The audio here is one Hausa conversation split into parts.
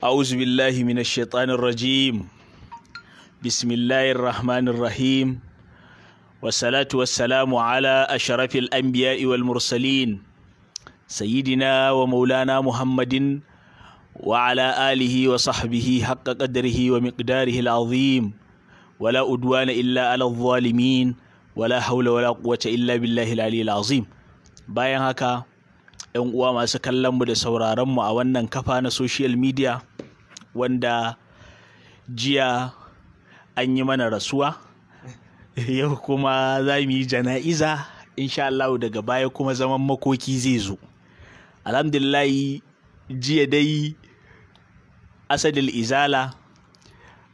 أعوذ بالله من الشيطان الرجيم بسم الله الرحمن الرحيم والصلاة والسلام على أشرف الأنبياء والمرسلين سيدنا ومولانا محمد وعلى آله وصحبه حق قدره ومقداره العظيم ولا أدوان إلا على الظالمين ولا حول ولا قوة إلا بالله العلي العظيم باين هكا 'yan uwa masu kallon mu da sauraron mu a wannan kafa na social media wanda jiya an yi mana rasuwa yau kuma za mu yi jana'iza insha Allah daga baya kuma zaman makoki zai zo alhamdulillahi jiya dai asadil izala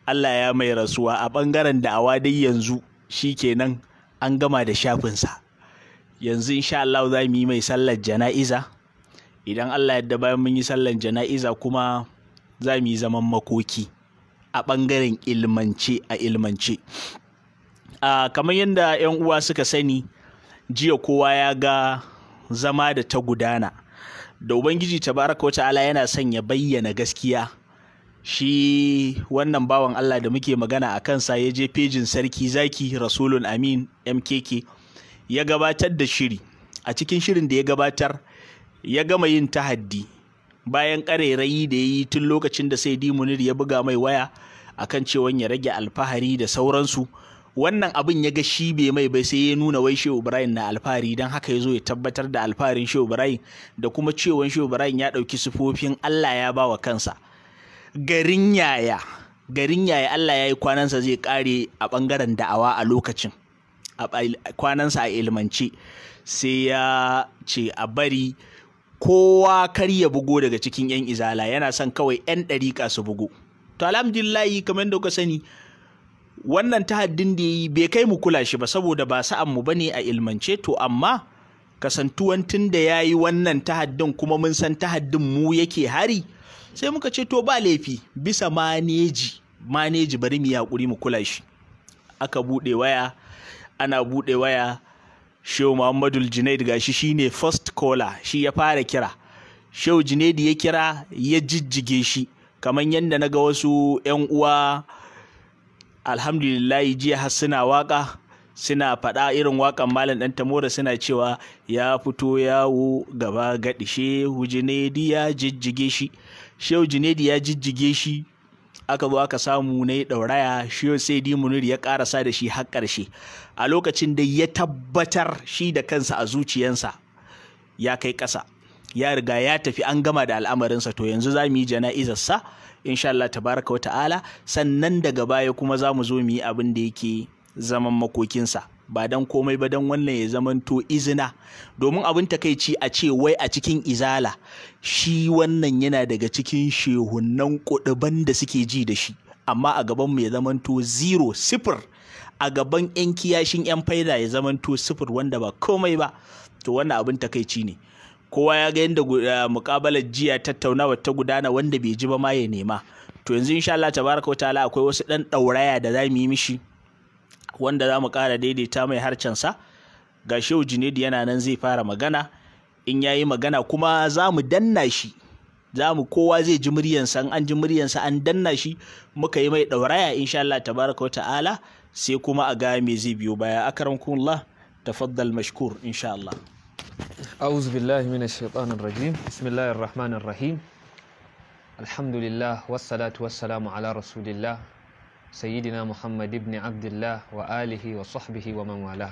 Allah ya mai rasuwa a ɓangaren da'awa dai yanzu shi kenan an gama da shafinsa yanzu insha Allah za mu yi mai sallar jana'iza idan Allah yadda bayan mun yi sallar jana'iza kuma za mu yi zaman makoki a ɓangaren ilmance a ilmance kamar yadda 'yan uwa suka sani jiya kowa ya ga zama da ta gudana da ubangiji tabaraka wata'ala yana son ya bayyana gaskiya shi wannan bawan Allah da muke magana a kansa ya je fejin sarki zaki rasulun amin mkk ya gabatar da shiri a cikin shirin da ya gabatar ya gama yin tahaddi bayan ƙarairayi da ya yi tun lokacin da sai munir ya buga mai waya akan cewa ya rage alfahari da sauransu wannan abin ya ga shi bai mai bai sai ya nuna wai shehu ibrahim na alfahari don haka ya zo ya tabbatar da alfaharin shehu ibrahim da kuma cewan shehu ibrahim ya ɗauki sufofin allah ya ba wa kansa garin yaya garin yaya allah ya yi kwanansa zai ƙare a ɓangaren da'awa a lokacin kwanansa a ilmance sai ya ce a bari kowa kar ya bugo daga cikin 'yan izala yana son kawai 'yan ɗariƙa su bugo to alhamdulillahi kamar da kuka sani wannan tahaddun da yi bai kai mu kula shi ba saboda ba sa'an mu bane a ilmance to amma kasantuwan tun da ya yi wannan tahaddun, kuma mun san tahaddun mu yake hari sai muka ce to ba laifi bisa maneji maneji bari mu yaƙuri mu kula shi aka buɗe waya ana buɗe waya shehu muhammadu junaid shi ne first caller shi ya fara kira shehu junaid ya kira ya jijjige shi kamar yadda na ga wasu 'yan uwa alhamdulillahi jiya har suna waka suna faɗa irin wakan malam ɗan tamora suna cewa ya fito yawo gaba gaɗi shehu Junaid ya jijjige shi shehu Junaid ya jijjige shi aka zo aka samu na ɗauraya shi sai di munir ya karasa da shi har ƙarshe a lokacin da ya tabbatar shi da kansa a zuciyansa ya kai ƙasa ya riga ya tafi an gama da al'amarinsa to yanzu za mu yi jana'izarsa insha Allah tabaraka wa ta'ala sannan daga baya kuma za mu zo mu yi abin da yake zaman makokinsa ba don komai ba don wannan ya zamanto izina domin abin takaici a ce wai a cikin izala shi wannan yana daga cikin shehunan kuduban da suke ji da shi amma a gaban mu ya zamanto zero sifir a gaban yan kiyashin yan faida ya zamanto sifir wanda ba komai ba to wannan abin takaici ne kowa ya ga yadda eh, mukabalar jiya tattaunawa ta gudana wanda bai ji ba ma ya nema to yanzu insha Allah tabaraka wa ta'ala akwai wasu dan dauraya da za mu yi mishi wanda za mu ƙara daidaita mai harcensa ga shehu junaidu yana nan zai fara magana in yayi magana kuma za mu danna shi za mu kowa zai ji muryansa an ji muryansa an danna shi muka yi mai ɗauraya insha Allah tabaraka wa ta'ala sai kuma a ga me zai biyo baya Allah tafaddal mashkur insha Allah أعوذ بالله من الشيطان الرجيم بسم الله الرحمن الرحيم الحمد لله والصلاة والسلام سيدنا محمد بن عبد الله وآله وصحبه ومن والاه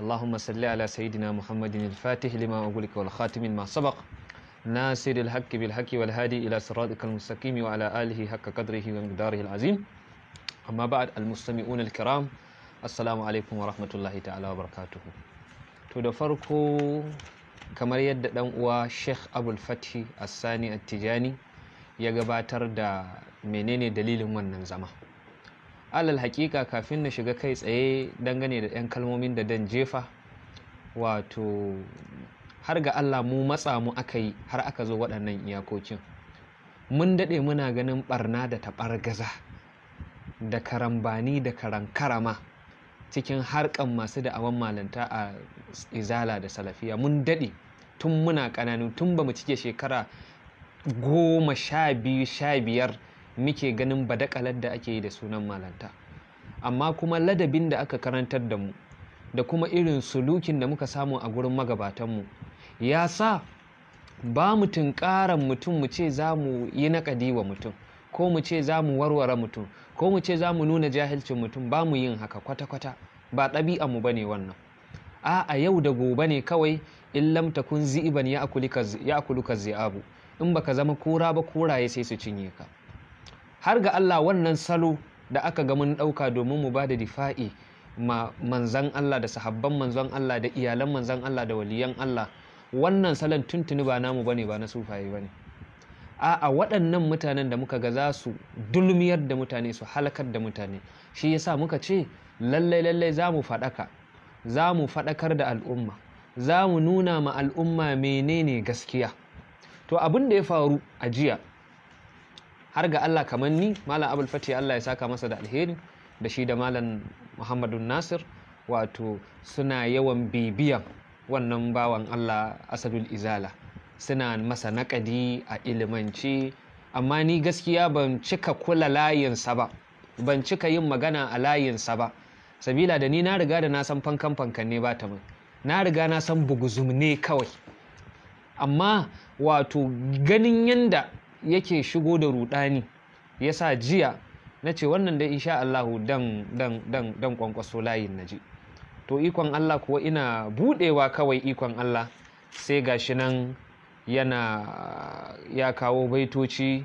اللهم صل على سيدنا محمد الفاتح لما أقولك والخاتم ما سبق ناصر الحق بالحق والهادي إلى صراطك المستقيم وعلى آله حق قدره ومقداره العظيم أما بعد المستمعون الكرام السلام عليكم ورحمة الله تعالى وبركاته تدفركو kamar yadda dan uwa sheikh abul fathi assani attijani ya gabatar da menene dalilin wannan zama alal hakika kafin na shiga kai tsaye dangane da 'yan kalmomin da dan jefa wato har ga allah mu matsa mu aka yi har aka zo waɗannan iyakokin mun daɗe muna ganin ɓarna da taɓar gaza, da karambani da karankarama cikin harkan masu da'awan malanta a izala da salafiya mun daɗe tun muna ƙananu tun ba mu cike shekara goma sha biyu sha biyar muke ganin badakalar da ake yi da sunan malanta amma kuma ladabin da aka karantar da mu da kuma irin sulukin da muka samu a gurin magabatanmu ya sa ba mu tunkaran mutum mu ce za mu yi naƙadi wa mutum ko mu ce za mu warware mutum ko mu ce za mu nuna jahilcin mutum ba mu yin haka kwata-kwata ba ɗabi'a mu bane wannan a a yau da gobe ne kawai in lam takun zi'iban ya ka zi'abu in baka zama kura ba kuraye sai su cinye ka har ga Allah wannan salo da aka ga mun ɗauka domin mu ba da difa'i ma manzan Allah da sahabban manzan Allah da iyalan manzan Allah da waliyan Allah wannan salon tuntuni ba namu bane ba na sufaye bane a'a waɗannan mutanen da muka ga za su dulmiyar da mutane su halakar da mutane shi yasa muka ce lallai lallai za mu faɗaka za mu faɗakar da al'umma za mu nuna ma al'umma menene gaskiya to abin da ya faru a jiya har ga Allah kamar ni malam abul fati Allah ya saka masa da alheri da shi da malam muhammadu nasir wato suna yawan bibiyan wannan bawan Allah asadul izala suna masa nakadi a ilimanci amma ni gaskiya ban cika kula layinsa ba ban cika yin magana a layinsa ba sabila da ni na riga da nasan san fankan fankan ne ba ta mai na riga nasan san buguzum ne kawai amma wato ganin yanda yake shigo da rudani ya sa jiya na ce wannan da insha Allahu dan dan dan dan kwankwaso layin naji to ikon Allah kuwa ina budewa kawai ikon Allah sai gashi nan yana ya kawo baitoci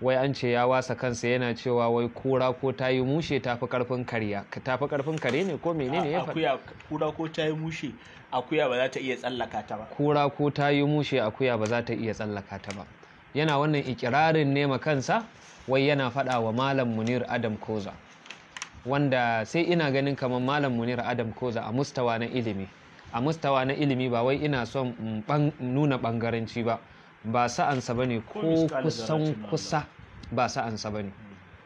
wai an ce ya wasa kansa yana cewa wai kura ko ta yi mushe ta fi karfin kariya ta fi karfin kare ne ko menene ya faɗi kura ko ta yi mushe akuya ba za ta iya tsallaka ta ba kura ko ta yi mushe akuya ba za ta iya tsallaka ta ba yana wannan ikirarin nema kansa wai yana faɗa wa malam munir adam koza wanda sai ina ganin kamar malam munir adam koza a mustawa na ilimi a mustawa na ilimi ba wai ina son nuna ɓangaranci ba ba sa'ansa ba ne ko kusan kusa ba sa'ansa ba ne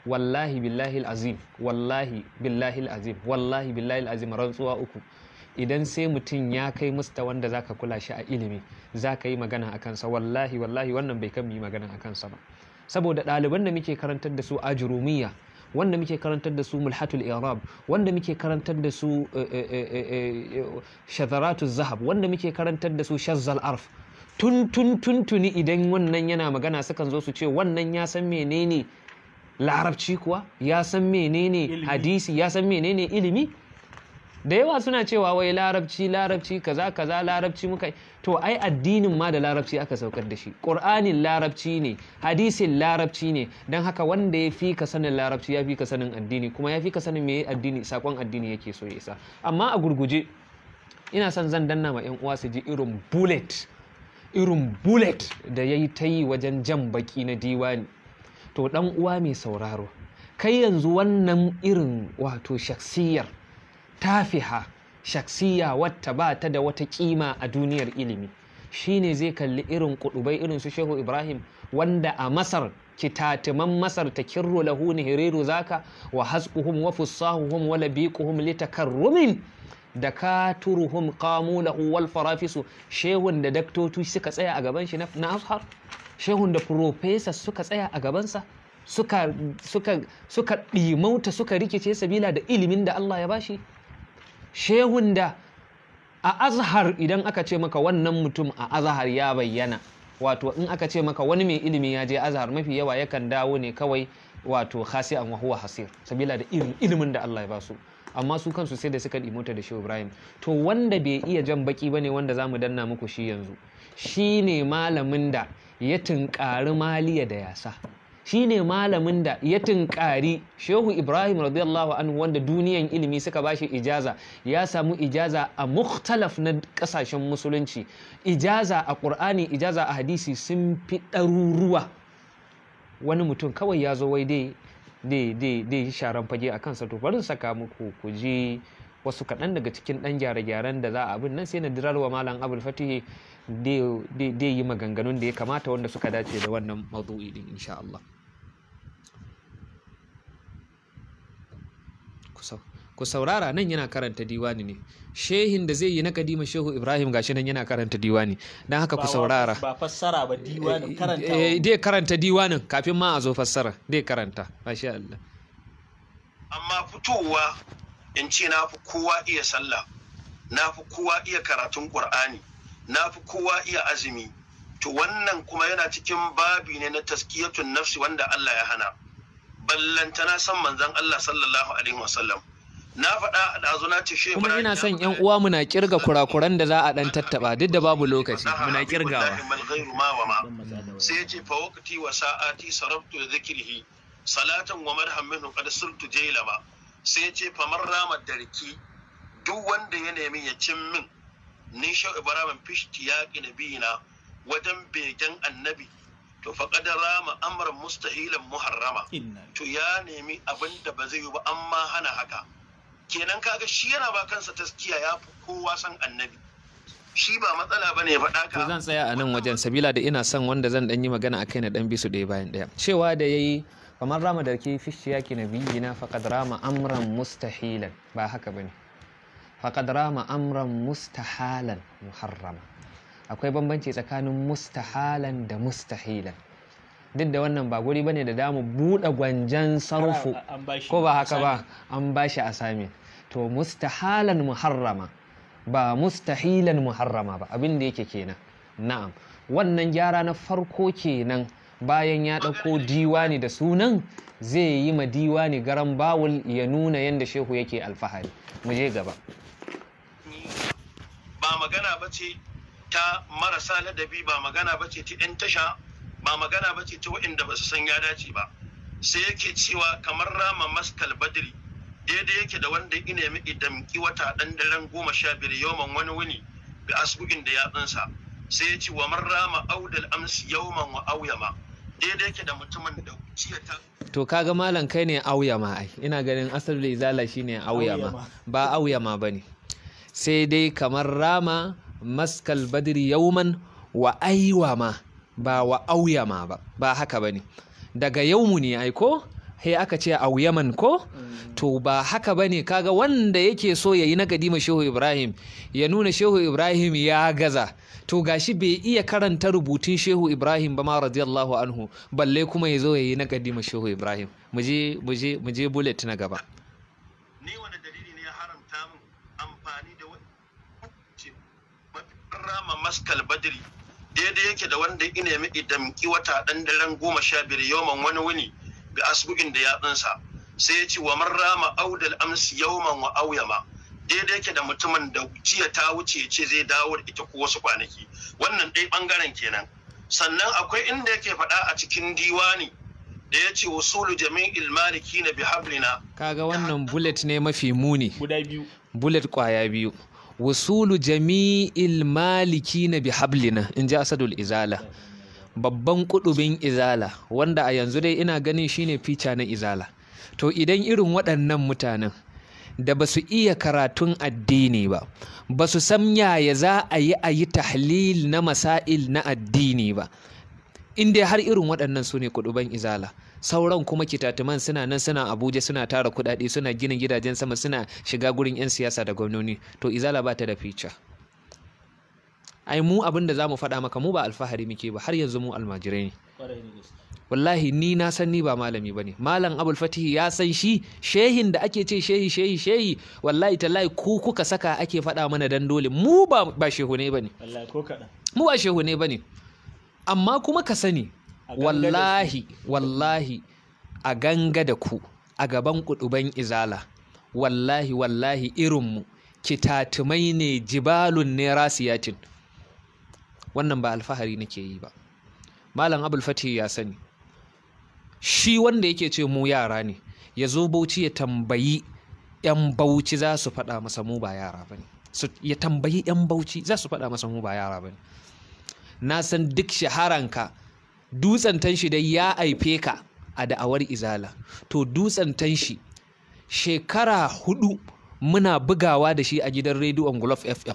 wallahi billahi azim wallahi billahi azim wallahi billahi azim rantsuwa uku idan sai mutum ya kai musta wanda za ka kula shi a ilimi Za ka yi magana a kansa wallahi wallahi wannan bai kan yi magana a kansa ba saboda ɗaliban da muke karantar da su ajurumiyya wanda muke karantar da su mulhatul irab wanda muke karantar da su eh, eh, eh, shazaratu zahab wanda muke karantar da su shazzal arf tun tun tun tuni idan wannan yana magana sukan zo su ce wannan ya san menene larabci kuwa ya san menene hadisi ya san menene ilimi da yawa suna cewa wai larabci larabci kaza kaza larabci muka to ai addinin ma da larabci aka saukar da shi qur'anin larabci ne hadisin larabci ne dan haka wanda ya fi ka sanin larabci ya fi ka sanin addini kuma ya fi ka sanin me addini sakon addini yake so ya isa amma a gurguje ina son zan danna ma yan uwa su ji irin bullet irin bullet da yayi ta yi wajen jan baki na diwani to dan uwa mai sauraro kai yanzu wannan irin wato shaksiyar tafiha shaksiya wata ba ta da wata kima a duniyar ilimi Shi ne zai kalli irin kudubai irin su shehu ibrahim wanda a masar kitatiman masar ta kirro lahu hiriru zaka wa hasquhum wa fussahuhum wa labiquhum litakarrumin da katuruhum qamu lahu wal farafisu shehun da daktotu suka tsaya a gaban shi na ashar shehun da profesa suka tsaya a gabansa suka suka suka rikice sabila da ilimin da Allah ya bashi shehun da a azhar idan aka ce maka wannan mutum a azhar ya bayyana wato in aka ce maka wani mai ilimi ya je azhar mafi yawa yakan dawo ne kawai wato khasi an wahuwa hasir sabila da ilimin da Allah ya ba su amma su kansu sai da suka imota da Shehu Ibrahim to wanda bai iya jan baki bane wanda zamu danna muku shi yanzu shine malamin da ya tunkari maliya da yasa Shi ne malamin da ya tunkari shehu ibrahim radiyallahu anhu wanda duniyan ilimi suka bashi ijaza ya samu ijaza a mukhtalaf na kasashen musulunci ijaza a qur'ani ijaza a hadisi sun fi ɗaruruwa wani mutum kawai ya zo wai dai dai sharan fage a kansa to bari saka muku ku je wasu kaɗan daga cikin ɗan gyare-gyaren da za a abin nan sai na dirarwa malam abul fatihi dai yi maganganun da ya kamata wanda suka dace da wannan mazu'i din insha Allah ku saurara nan yana karanta diwani ne shehin da zai yi na kadima shehu ibrahim gashi nan yana karanta diwani don haka ku saurara ba fassara ba diwani eh, eh, karanta eh, dai karanta diwanin kafin ma a zo fassara dai karanta masha Allah amma fitowa in ce na fi kowa iya sallah na fi kowa iya karatun qur'ani na fi kowa iya azumi to wannan kuma yana cikin babi ne na taskiyatun nafsi wanda Allah ya hana ballantana san manzon Allah sallallahu alaihi wasallam na faɗa a ɗazu na ce shehu kuma ina son yan uwa muna kirga kurakuran da za a ɗan tattaba duk da babu lokaci muna kirgawa sai ya ce fa waqti wa sa'ati sarabtu da salatan wa marham minhu qad sirtu jailama sai ya ce fa marra rama darki duk wanda ya nemi ya cin min ni shau ibrahim fishti ya ƙi na wajen begen annabi to faƙad rama amran mustahilan muharrama to ya nemi abin da ba zai yi ba amma hana haka kenan kaga shi yana ba kansa taskiya ya fi kowa san annabi shi ba matsala ba ne faɗa ka zan tsaya a nan wajen sabila da ina son wanda zan ɗan yi magana a kai na ɗan bisu ɗaya bayan ɗaya cewa da ya yi kamar rama da ke fishiya ki na biyi na faƙad rama amran mustahilan ba haka ba ne faƙad rama amran mustahalan muharrama akwai bambanci tsakanin mustahalan da mustahilan duk da wannan ba guri bane da damu buɗe gwanjan sarfu ko ba haka ba an bashi sami. to mustahalan muharrama ba mustahilan muharrama ba abin da yake kenan na'am wannan gyara na farko kenan bayan ya ɗauko diwani da sunan zai yi ma diwani garan bawul ya nuna yadda shehu yake alfahari mu je gaba magana ba ce ta marasa ladabi ba magana ba ce ta 'yan tasha ba magana ba ce ta waɗanda ba su san ya dace ba sai yake cewa kamar rama maskal badri daidai yake da wanda ya nemi idamki wata ɗan daren goma sha biyar yawman wani wuni ga asibitin da yatsunsa sai ya ce wa man rama audal amsi yawman wa auyama daidai yake da mutumin da ciya ta to kaga malam kai ne auyama ai ina ganin asalin izala shine auyama ba auyama bane sai dai kamar rama maskal badri yauman wa ma ba wa auyama ba ba haka bane daga yaumu ne ai ko he aka ce auyaman ko to ba haka bane kaga wanda yake so ya yi na gadima shehu ibrahim ya nuna shehu ibrahim ya gaza to gashi bai iya karanta rubutun shehu ibrahim ba ma radiyallahu anhu balle kuma ya zo ya yi na gadima shehu ibrahim muje muje muje bullet na gaba kama maskal badri daidai yake da wanda ya nemi idamki wata ɗan daren goma sha biyar yawman wani wuni bi asbu'in da yatsunsa sai ya ce wa man rama audal amsi yawman wa auyama daidai yake da mutumin da jiya ta wuce ya ce zai dawo da ita ko wasu kwanaki wannan dai bangaren kenan sannan akwai inda yake faɗa a cikin diwani da ya ce wasulu jami'il maliki na bihablina kaga wannan bullet ne mafi muni guda biyu bullet kwaya biyu wasulu jami'il maliki na bihablina in ji asadul izala babban kudubin izala wanda a yanzu dai ina ganin shine fica na izala to idan irin waɗannan mutanen da ba su iya karatun addini ba ba su san yaya za a yi a yi tahlil na masail na addini ba in dai har irin waɗannan su ne kuduban izala sauran kuma kitatuman suna nan suna abuja suna tara kuɗaɗe suna gina gidajen sama suna shiga gurin 'yan siyasa da gwamnoni to izala ba ta da fica ai mu abin da za mu faɗa maka mu ba alfahari muke ba har yanzu mu almajirai ne wallahi ni na san ni ba malami ba ne malam abul fatihi ya san shi shehin da ake ce shehi shehi shehi wallahi tallahi ku kuka saka ake faɗa mana dan dole mu ba shehu ne ba ne mu ba shehu ne ba ne amma kuma ka sani wallahi wallahi a ganga da ku a gaban kuduban izala wallahi wallahi irinmu kitatumai ne jibalun ne rasiyatin wannan ba alfahari nake yi ba malam abul ya sani shi wanda yake ce mu yara ne ya zo bauchi ya tambayi 'yan bauchi za su faɗa masa mu ba yara ba ne ya tambayi 'yan bauchi za su faɗa masa mu ba yara ba ne na san duk shaharanka dutsen tanshi dai ya haife ka a da'awar izala to dutsen tanshi shekara hudu muna bugawa da shi a gidan rediyon Golf FM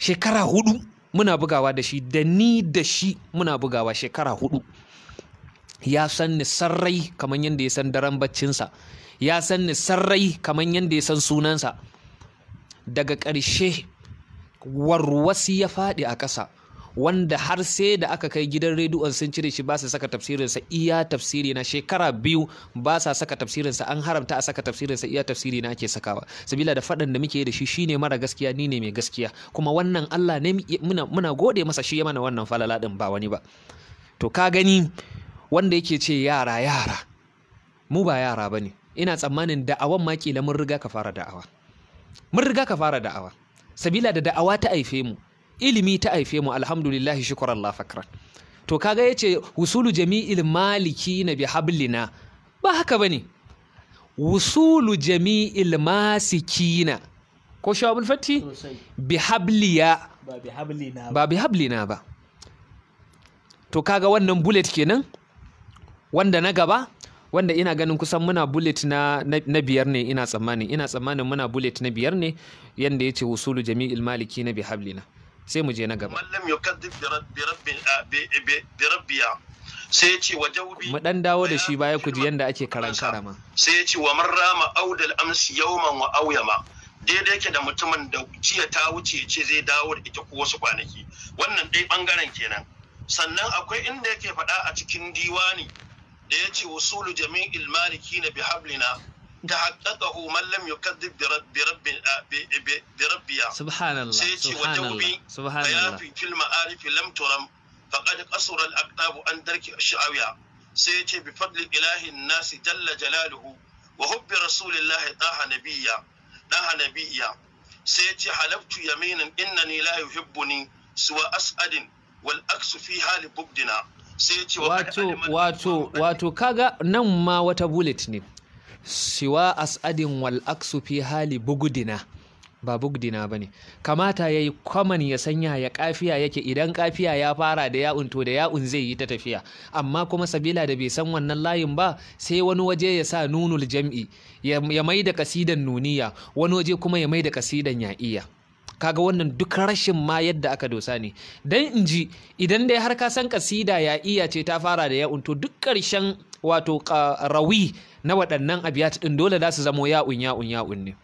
shekara hudu muna bugawa da shi da ni da shi muna bugawa shekara hudu ya san ni sarrai kamar yadda ya san daren baccinsa ya san ni sarrai kamar yadda ya san sunansa daga ƙarshe warwasi ya faɗi a ƙasa wanda har sai da aka kai gidan rediyon sun cire shi ba su saka tafsirinsa iya tafsiri na shekara biyu ba sa saka tafsirinsa an haramta a saka sa iya tafsiri na ake sakawa sabila da faɗin da muke da shi shine mara gaskiya ni ne mai gaskiya kuma wannan Allah ne muna, muna gode masa shi ya mana wannan falala din ba wani ba to ka gani wanda yake ce yara yara mu ba yara bane ina tsammanin da'awan ma kila mun riga ka fara da'awa mun riga ka fara da'awa sabila da da'awa ta aife mu ilimi ta haife mu alhamdulillahi shukur Allah fakran to kaga yace wusulu jami'il maliki na bi hablina ba haka bane wusulu jami'il masikina ko shawabul fatti bi habliya ba bi hablina ba bi hablina ba to kaga wannan bullet kenan wanda na gaba wanda ina ganin kusan muna bullet na, na, na biyar ne ina tsammani ina tsammanin muna bullet na biyar ne yanda yace wusulu jami'il maliki na bi hablina sai mu je na gaba mallam yukaddib bi bi rabbiya ah, sai ya ce wa jawbi mu dan dawo da shi baya ku ji yanda ake karan karama sai ya ce wa man rama audal amsi yawman wa auyama daidai yake da mutumin da jiya ta wuce ce zai dawo da ita ko wasu kwanaki wannan dai bangaren kenan sannan akwai inda yake faɗa a cikin diwani da ya ce wasulu jami'il maliki na hablina ta haqqaqahu man lam yukadzib bi rabbi bi rabbiya subhanallah sai ce wa jawbi bayafi fil ma'arif lam turam faqad qasura al an darki ash-sha'awiya sai ce bi fadli ilahi an-nas jalla jalaluhu wa hubbi rasulillahi taha nabiyya taha nabiyya sai ce halabtu yaminan innani la yuhibbuni suwa as'adin wal aksu fi hali wato kaga nan ma wata bulet" ne siwa as'adin wal aksu fi hali bugudina ba bugdina ba ne kamata ya yi kwaman ya sanya ya kafiya yake idan kafiya ya fara da ya'un to da ya'un zai yi ta tafiya amma kuma sabila da bai san wannan layin ba sai wani waje ya sa nunul jam'i ya mai da kasidan nuniya wani waje kuma ya mai da kasidan ya'iya kaga wannan duk rashin ma yadda aka dosa ne dan in ji idan dai har ka san kasida ya'iya ce ta fara da ya'un to duk ƙarshen wato rawi na waɗannan abiyat ɗin dole za su zamo ya'un ya'un ya'un ne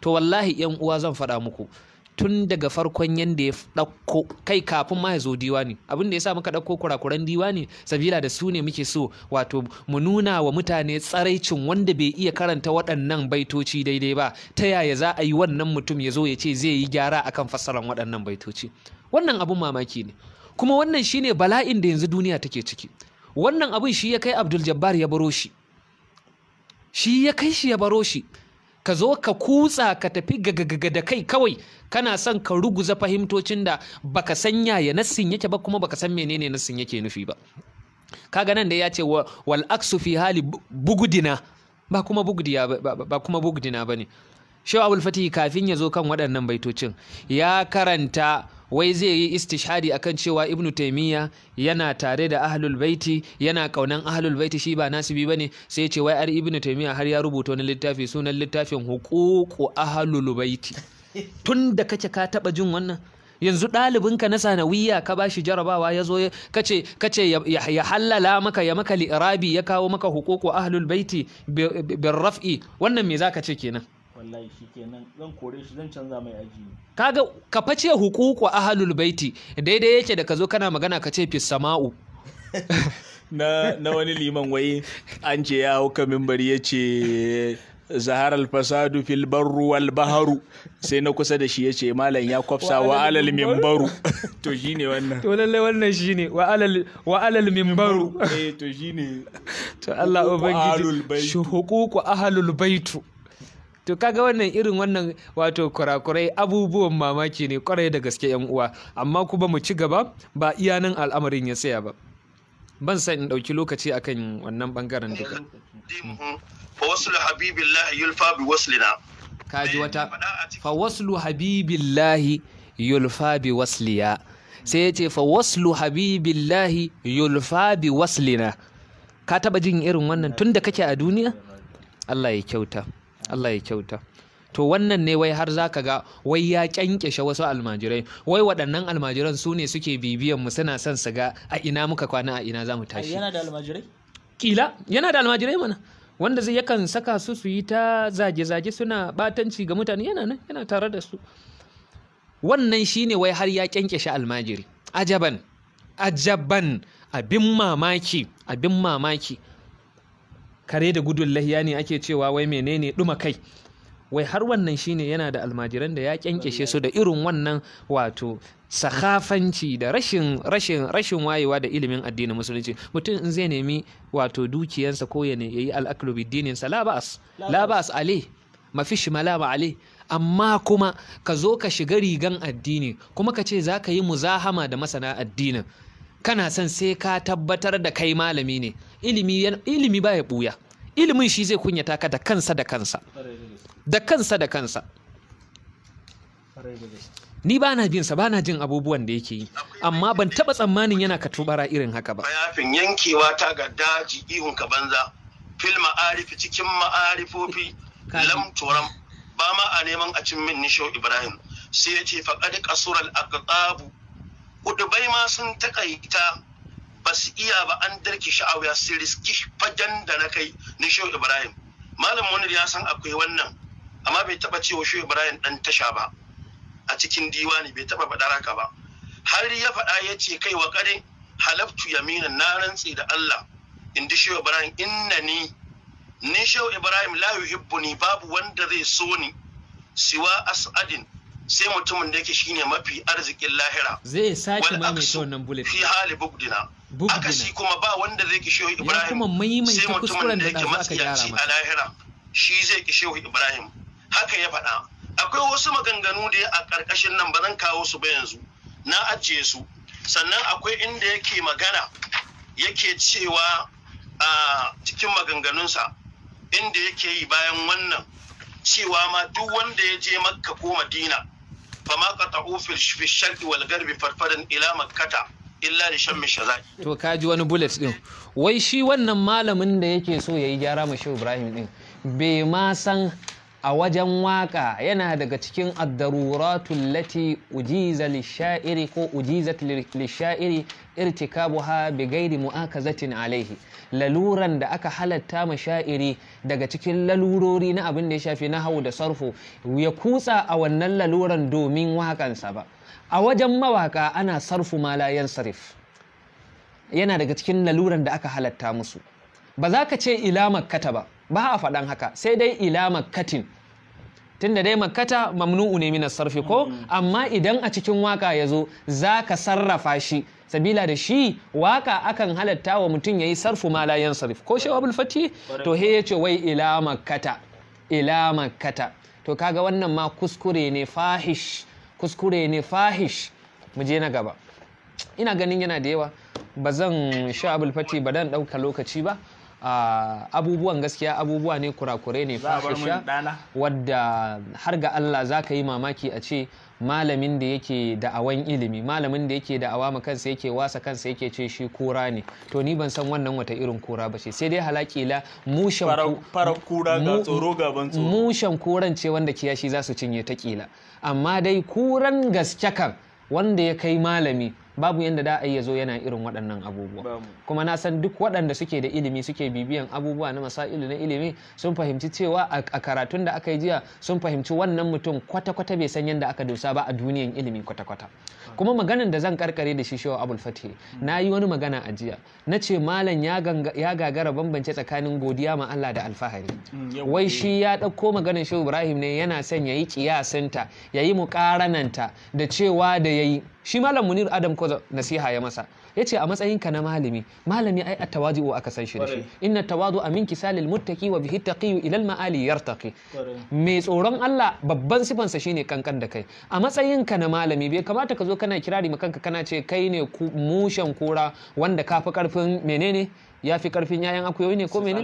to wallahi yan uwa zan faɗa muku tun daga farkon yanda ya ɗauko kai kafin ma ya zo diwani abin da ya sa muka ɗauko kurakuran diwa ne? sabila da su ne muke so wato mu nuna wa mutane tsaraicin wanda bai iya karanta waɗannan baitoci daidai ba ta yaya za a yi wannan mutum ya zo ya ce zai yi gyara akan fassarar waɗannan baitoci wannan abun mamaki ne kuma wannan shine bala'in da yanzu duniya take ciki wannan abin shi ya kai abdul jabbar ya baro shi shi ya kai shi ya baro shi ka zo ka kutsa ka tafi gagagaga da kai kawai kana son ka ruguza fahimtocin da baka san yaya nassin yake ba kuma baka san menene nassin yake nufi ba kaga nan da ya ce wal aksu fi hali bugudina ba kuma bugudiya ba kuma bugdina bane shehu abul fatih kafin ya zo kan waɗannan baitocin ya karanta wai zai yi istishhadi akan cewa ibnu taimiyya yana tare da ahlul baiti yana kaunan ahlul baiti shi ba nasibi bane sai ce wai ar ibnu taimiyya har ya rubuta wani littafi sunan littafin huququ ahlul baiti tun da kace ka taba jin wannan yanzu ɗalibinka na sanawiya ka bashi jarabawa ya zo kace kace ya halala maka ya maka li'irabi ya kawo maka huququ ahlul baiti bin raf'i wannan me zaka ce kenan wallahi shikenan zan kore shi zan canza mai aji kaga ka face hukuku ahlul baiti daidai yake da ka zo kana magana ka ce fisama'u na na wani liman wai an ce ya hau kamin bari ya ce zahar alfasadu fil barru wal baharu sai na kusa da shi ya ce malam ya kwafsa wa alal mimbaru to ne wannan to lalle wannan shi ne wa alal mimbaru eh to ne to Allah ubangiji shuhuqu ahlul baitu to kaga wannan irin wannan wato kurakurai abubuwan mamaki ne kwarai da gaske yan uwa amma kuma mu ci gaba ba iya nan al'amarin ya tsaya ba ban san in ɗauki lokaci akan wannan bangaren duka fa waslu habibillahi yulfa bi waslina kaji wata eh, fa waslu habibillahi yulfa bi wasliya sai ya ce fa waslu habibillahi yulfa bi waslina ka taba jin irin wannan tunda kake a duniya Allah ya kyauta Allah ya kyauta to wannan ne wai har za ka ga wai ya kyankyashe wasu almajirai wai waɗannan almajiran su ne suke bibiyan mu suna son su ga a ina muka kwana a ina za mu tashi yana da almajirai kila yana da almajirai mana wanda zai yakan saka su su yi ta zage-zage suna batanci ga mutane yana nan yana tare da su wannan shi ne wai har ya kyankyashe almajiri ajaban ajaban abin mamaki abin mamaki kare da gudun lahiya ne ake cewa wai menene ɗuma kai wai har wannan shine yana da almajiran da ya kyankyashe su da irin wannan wato sahafanci da rashin rashin rashin wayewa da ilimin addinin musulunci mutum in zai nemi wato dukiyansa ko ya yi al'aklu bidinin sa labas labas ale mafish malama ale amma kuma ka zo ka shiga rigan addini kuma ka ce za ka yi muzahama da masana addinin kana son sai ka tabbatar da kai malami ne ilimi ilimi ba ya buya ilimin shi zai kunyata ka da kansa da kansa da kansa da kansa ni ba na binsa ba na jin abubuwan da yake yi amma ban taba tsammanin yana ka tubara irin haka ba bayafin yankewa ta ga daji ihun ka banza fil ma'arifi cikin ma'arifofi lam turam ba ma a neman a cin min nisho ibrahim sai ya ce faqad qasura al aqtabu kudubai ma sun takaita ba su iya ba an darki sha'awiya su riski fagen da na kai ni shehu ibrahim malam munir ya san akwai wannan amma bai taba cewa shehu ibrahim dan tasha ba a cikin diwa diwani bai taba faɗa haka ba har ya faɗa ya ce kai wa kare Halabtu yamina na rantse da allah in ji shehu ibrahim inna ni ni shehu ibrahim la yuhibbuni babu wanda zai so ni siwa as'adin sai mutumin da yake shine mafi arzikin lahira zai sake maimaita wannan bullet fi hali bugdina shi kuma ba wanda zai kishiyo ibrahim sai mutumin da yake matsiyaci a lahira shi zai kishiyo ibrahim haka ya faɗa akwai wasu maganganu da ya a ƙarƙashin nan ba zan kawo su ba yanzu na ajiye su sannan akwai inda yake magana yake cewa a cikin maganganunsa inda yake yi bayan wannan cewa ma duk wanda ya je makka ko madina fama qata'u fil sharqi wal garbi farfadan ila makkata illa da shan to kaji wani bullet din wai shi wannan malamin da yake so yayi gyara ma Ibrahim din bai ma san a wajen waka yana daga cikin addaruratul lati ujiza lishairi ko ujizat lishairi irtikabuha bi mu'akazatin alaihi laluran da aka halatta ma sha'iri daga cikin lalurori na abin da ya shafi na hau da sarfo ya kutsa a wannan laluran domin waƙansa ba a wajen mawaƙa ana sarfu malayan sarif yana daga cikin laluran da aka halatta musu ba za ka ce ila makkata ba ba a faɗan haka sai dai ila makkatin tunda dai makkata mamnu'u ne minas sarfi ko mm. amma idan a cikin waka ya zo za ka sarrafa shi sabila da shi waka akan halatta wa mutum ya yi sarfu ma la yansarif ko shewa bulfati to he ya wai ila makkata ila makkata to kaga wannan ma kuskure ne fahish kuskure ne fahish mu je na gaba ina ganin yana da yawa ba zan sha abulfati ba dan ɗauka lokaci ba abubuwan gaskiya abubuwa ne kurakurai ne fashasha wadda har ga Allah za ka yi mamaki a ce malamin da yake da'awan ilimi malamin da yake da'awa ma kansa yake wasa kansa yake ce shi kura ne to ni ban san wannan wata irin kura ba ce sai dai halakila mushen. mushan kuran ce wanda kiyashi za su cinye ta kila amma dai kuran gaske kan wanda ya kai malami babu yadda da ya zo yana irin waɗannan abubuwa kuma na san duk waɗanda suke da ilimi suke bibiyan abubuwa na masailu na ilimi sun fahimci cewa a karatun da aka yi jiya sun fahimci wannan mutum kwata-kwata bai san yadda aka dosa ba a duniyan ilimi kwata-kwata kuma maganan da zan karkare da shi shewa abul fatih hmm. na yi wani magana a jiya na ce malam ya gagara bambance tsakanin godiya ma Allah da alfahari hmm, wai eh. shi ya ɗauko maganan shi ibrahim ne yana son ya yi kiyasinta ya yi muƙarananta da cewa da ya yi shi malam munir adam ko nasiha ya masa ya ce a matsayin ka na malami malami ai a tawaduu aka san shi da shi inna tawadu'a min kisalil muttaki wa bihi taqiyu ila al-ma'ali yartaqi mai tsoron Allah babban sifan sa shine kankan da kai a matsayin ka na malami bai kamata ka zo kana kirari makanka kana ce kai ne mushen kura wanda kafi karfin menene ya fi karfin yayan akuyoyi ne ko mene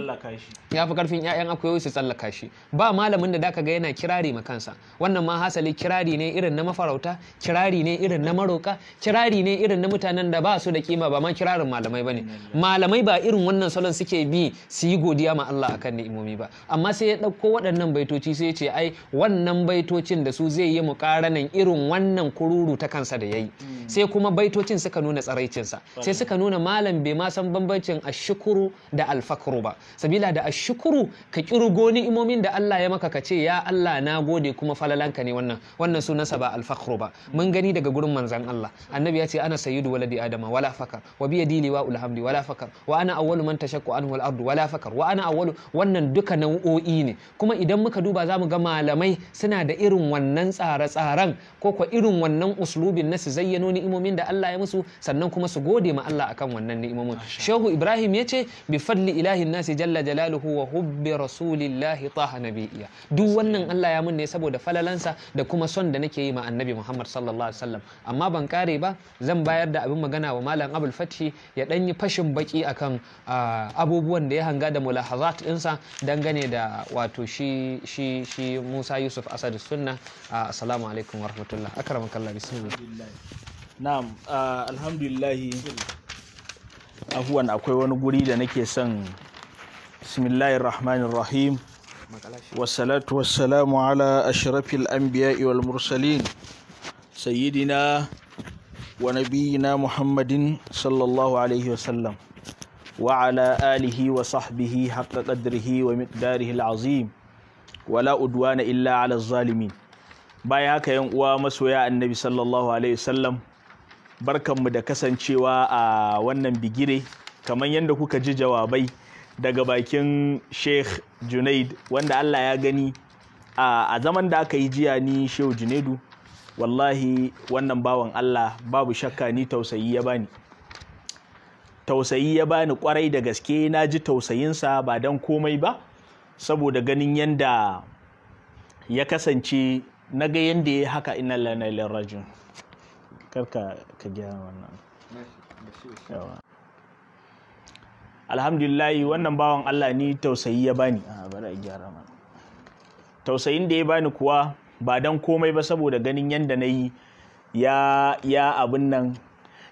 ya fi karfin yayan akuyoyi su tsallaka shi ba malamin da daka ga yana kirari ma kansa wannan ma hasali kirari ne irin na mafarauta kirari ne irin na maroka kirari ne irin na mutanen da ba su da kima ba ma kirarin malamai ne. malamai ba irin wannan salon suke bi su yi godiya ma Allah akan ni'imomi ba amma sai ya dauko waɗannan baitoci sai ya ce ai wannan baitocin da su zai yi muƙaranan irin wannan kururu ta kansa da yayi hmm. sai kuma baitocin suka nuna tsaraicinsa sai suka nuna malam bai ma san bambancin ash ashukuru da alfakru ba sabila da ashukuru ka kirgo ni'imomin da Allah ya maka ka ce ya Allah na gode kuma falalanka ne wannan wannan sunansa ba alfakru ba mun gani daga gurin manzan Allah annabi ya ce ana sayyidu waladi adama wala fakar wa bi yadi liwa alhamdi wala fakar wa ana awwalu man tashakku anhu al-ardu wala fakar wa ana awwalu wannan duka nau'o'i ne kuma idan muka duba zamu ga malamai suna da irin wannan tsare-tsaren ko ko irin wannan uslubin na su zayyano ni'imomin da Allah ya musu sannan kuma su gode ma Allah akan wannan ni'imomin shehu ibrahim yace bi fadli ilahi nasi jalla jalaluhu wa hubbi rasulillahi taha nabiyya duk wannan Allah ya mun ne saboda falalansa da kuma son da nake yi ma annabi Muhammad sallallahu alaihi wasallam amma ban kare ba zan bayar da abin magana wa malam Abul Fathi ya dan yi fashin baki akan abubuwan da ya hanga da mulahazat dinsa dangane da wato shi shi shi Musa Yusuf Asad Sunna assalamu alaikum warahmatullahi akramakallahi bismillah na'am alhamdulillah afuwan akwai wani guri da nake son bismillahir rahmanir rahim wassalatu wassalamu ala ashrafil anbiya'i wal mursalin sayyidina wa nabiyina muhammadin sallallahu alaihi wasallam wa ala alihi wa sahbihi haqqa qadrihi wa miqdarihi al'azim wala udwana illa ala zalimin bayan haka yan uwa masoya annabi sallallahu alaihi wasallam barkanmu da kasancewa a wannan bigire kamar yadda kuka ji jawabai daga bakin sheikh junaid wanda allah ya gani a zaman da aka yi jiya ni shehu junaidu wallahi wannan bawan allah babu shakka ni tausayi ya bani tausayi ya bani kwarai da gaske na ji tausayinsa ba don komai ba saboda ganin yadda ya kasance na ga yadda ya haka ina lanailin rajin karka ka gyara wannan alhamdulillahi wannan bawan Allah ni tausayi ya bani a bari a gyara tausayin da ya bani kuwa ba dan komai ba saboda ganin yanda na yi ya ya abin nan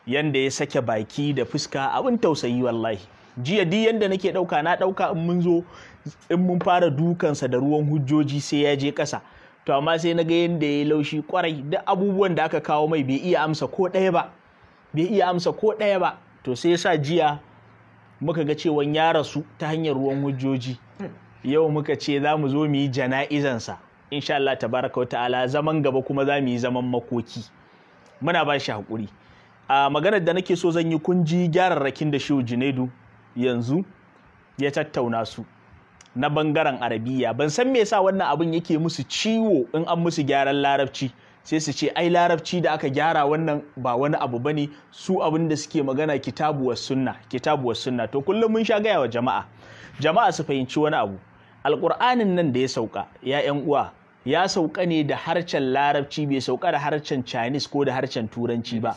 yanda ya sake baki da fuska abin tausayi wallahi jiya di yanda nake dauka na dauka in mun zo in mun fara dukansa da ruwan hujjoji sai ya je kasa to amma sai na ga yadda ya laushi kwarai duk abubuwan da aka kawo mai bai iya amsa ko ɗaya ba bai iya amsa ko ɗaya ba to sai ya sa jiya muka ga cewa ya rasu ta hanyar ruwan hujjoji yau muka ce za mu zo mu yi jana'izansa insha Allah tabaraka wa ta'ala zaman gaba kuma za mu yi zaman makoki muna ba shi haƙuri a maganar da nake so zan yi kun ji gyararrakin da shehu junaidu yanzu ya tattauna su na bangaren arabiya ban san me yasa wannan abun yake musu ciwo in an musu gyaran larabci sai su ce ai larabci da aka gyara wannan ba wani abu bane su abin da suke magana kitabu was sunna kitabu was sunna to kullum mun sha gaya wa jama'a jama'a su fahimci wani abu alƙur'anin nan da ya sauka ya 'yan uwa ya sauka ne da harshen larabci bai sauka da harshen chinese ko da harshen turanci ba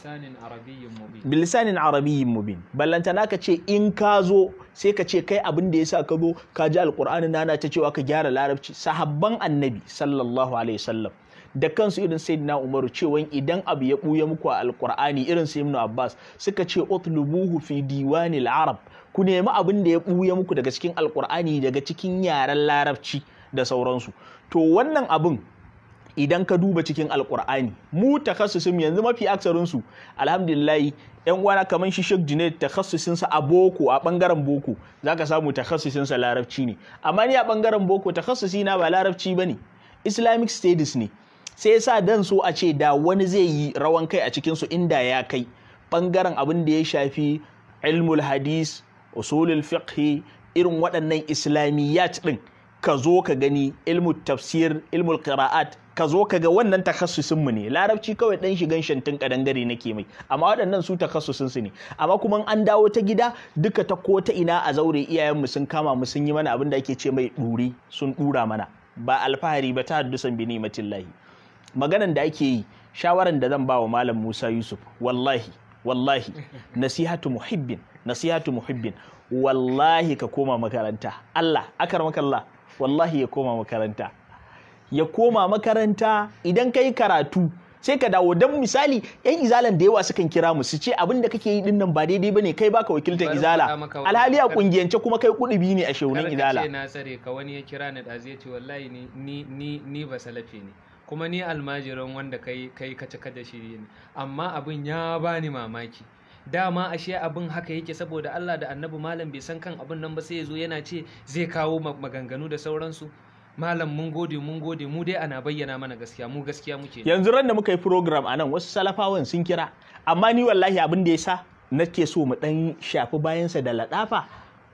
bilisanin arabiyyin mubin ballantana ka ce in ka zo sai ka ce kai abin da sa ka zo ka ji alkur'ani nana ta cewa ka gyara larabci sahabban annabi sallallahu alaihi wasallam da kansu irin sayyidina umaru cewa idan abu ya buya muku a alkur'ani irin sayyidina abbas suka ce utlubuhu fi diwanil arab ku nemi abin da ya buya muku daga cikin alkur'ani daga cikin yaren larabci da sauransu to wannan abin idan ka duba cikin alkur'ani mu takhassusin yanzu mafi aksarinsu, su yan uwana kamar shi Sheikh Junaid takhassusin sa a boko a bangaren boko zaka samu takhassusin sa larabci ne amma ni a bangaren boko takhassusi na ba larabci ba ne. Islamic studies ne sai sa dan so a ce da wani zai yi rawan kai a cikin su inda ya kai bangaren abin da ya shafi ilmul hadis usulul fiqh irin waɗannan islamiyat din ka zo ka gani ilmu tafsir ilmu qira'at ka zo ka ga wannan takhassusin mu ne larabci kawai dan shigan shantin kadangare nake mai amma waɗannan su takhassusin su ne amma kuma an dawo ta gida duka ta ko ta ina a zaure iyayen mu sun kama mu sun yi mana abin da ake ce mai duri sun ɗura mana ba alfahari ba ta haddusan bi ni'matillahi maganan da ake yi shawaran da zan ba wa malam Musa Yusuf wallahi wallahi nasihatu muhibbin nasihatu muhibbin wallahi ka koma makaranta Allah akar makalla wallahi ya koma makaranta ya koma makaranta idan ka yi karatu sai ka dawo don misali yan izalan da yawa sukan kira mu su ce abin da kake yi dinnan ba daidai bane kai baka wakiltar izala alhali a kungiyance kuma kai kudubi ne a shaunin izala na tsare ka wani ya kira ni da zai ce wallahi ni ni ba salafi ne kuma ni almajirin wanda kai kai kace da shi ne amma abin ya bani mamaki dama ashe abin haka yake saboda Allah da annabi malam bai san kan abin nan ba sai ya zo yana ce zai kawo maganganu da sauransu malam mun gode mun gode mu dai ana bayyana mana gaskiya mu gaskiya muke yanzu ran da muka yi program anan wasu salafawan sun kira amma ni wallahi abin da yasa nake so mu dan shafi bayansa da ladafa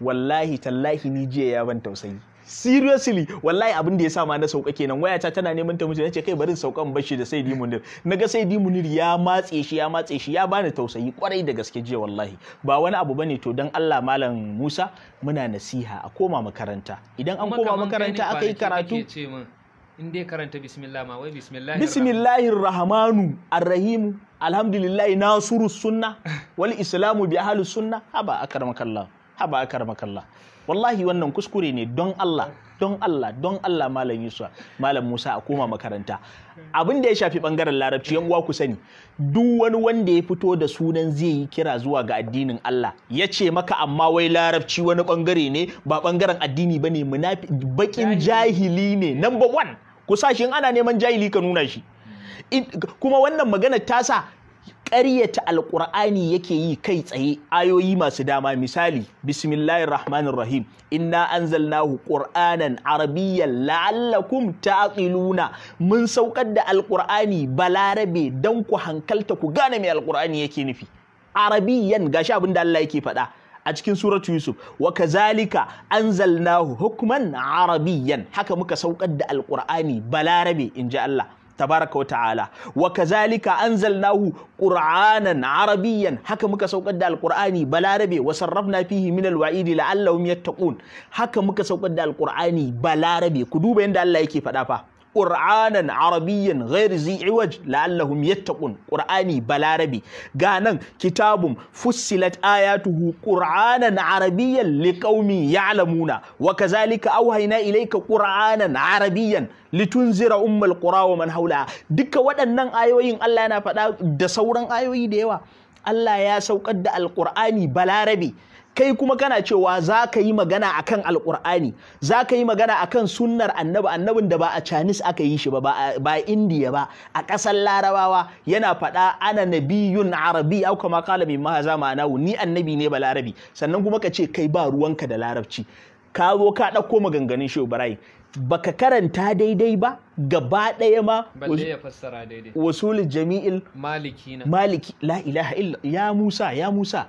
wallahi tallahi ni jiya ya ban tausayi seriously wallahi abin da ya sa ma na sauka kenan wayata tana neman ta mutu nace kai bari saukan bashi da saidi munir naga saidi munir ya matse shi ya matse shi ya bani tausayi kwarai da gaske jiya wallahi ba wani abu bane to dan Allah malam Musa muna nasiha a koma makaranta idan an koma makaranta aka karatu in dai karanta bismillah ma wai bismillahir bismillahir rahmanu arrahim alhamdulillah nasurus sunna wal islamu bi ahli sunna haba akramakallah haba akar makalla wallahi wannan kuskure ne don Allah don Allah don Allah malam Yusuf, malam Musa a koma makaranta abin da ya shafi bangaren larabci yan uwa ku sani duk wani wanda ya fito da sunan zai yi kira zuwa ga addinin Allah ya ce maka amma wai larabci wani bangare ne ba bangaren addini bane munafi bakin jahili ne number one ku sa ana neman jahili ka nuna shi kuma wannan magana sa. ƙaryata alƙur'ani yake yi kai tsaye ayoyi masu dama misali bismillahir rahmanir rahim inna anzalnahu qur'anan arabiyyan la'allakum ta'qiluna mun saukar da alƙur'ani balarabe dan ku hankalta ku gane me alƙur'ani yake nufi arabiyyan gashi abin da Allah yake faɗa a cikin suratu Yusuf wa kazalika anzalnahu hukman arabiyyan haka muka saukar da alƙur'ani balarabe inji Allah tabaraka wata'ala wa kazalika anzalnahu qur'anan arabiyyan haka muka saukar da alqur'ani balarabe wa sarrafna fihi min alwa'idi la'allahum yattaqun haka muka saukar da alqur'ani balarabe ku duba yanda Allah yake faɗafa. fa qur'anan arabiyyan ghairi zi iwaj la'allahum yattaqun qur'ani balarabi ga nan kitabun fussilat ayatuhu qur'anan arabiyyan liqaumin ya'lamuna wa kazalika awhayna ilayka qur'anan arabiyyan litunzira ummal qura wa man haula duka waɗannan ayoyin Allah yana faɗa da sauran ayoyi da yawa Allah ya saukar da alqur'ani balarabi kai kuma kana cewa za ka yi magana a akan alkur'ani za ka yi magana a kan sunnar annabi annabin da ba a canis aka yi shi ba ba indiya ba a ƙasar larabawa yana faɗa ana nabiyun arabi au kama kala min mahaza ma'anahu ni annabi ne ba larabi sannan kuma ka ce kai ba ruwanka da larabci ka zo ka ɗauko maganganun shi barayi baka karanta daidai ba gaba ɗaya ma balle ya fassara daidai wasul jami'il maliki la ilaha illa ya musa ya musa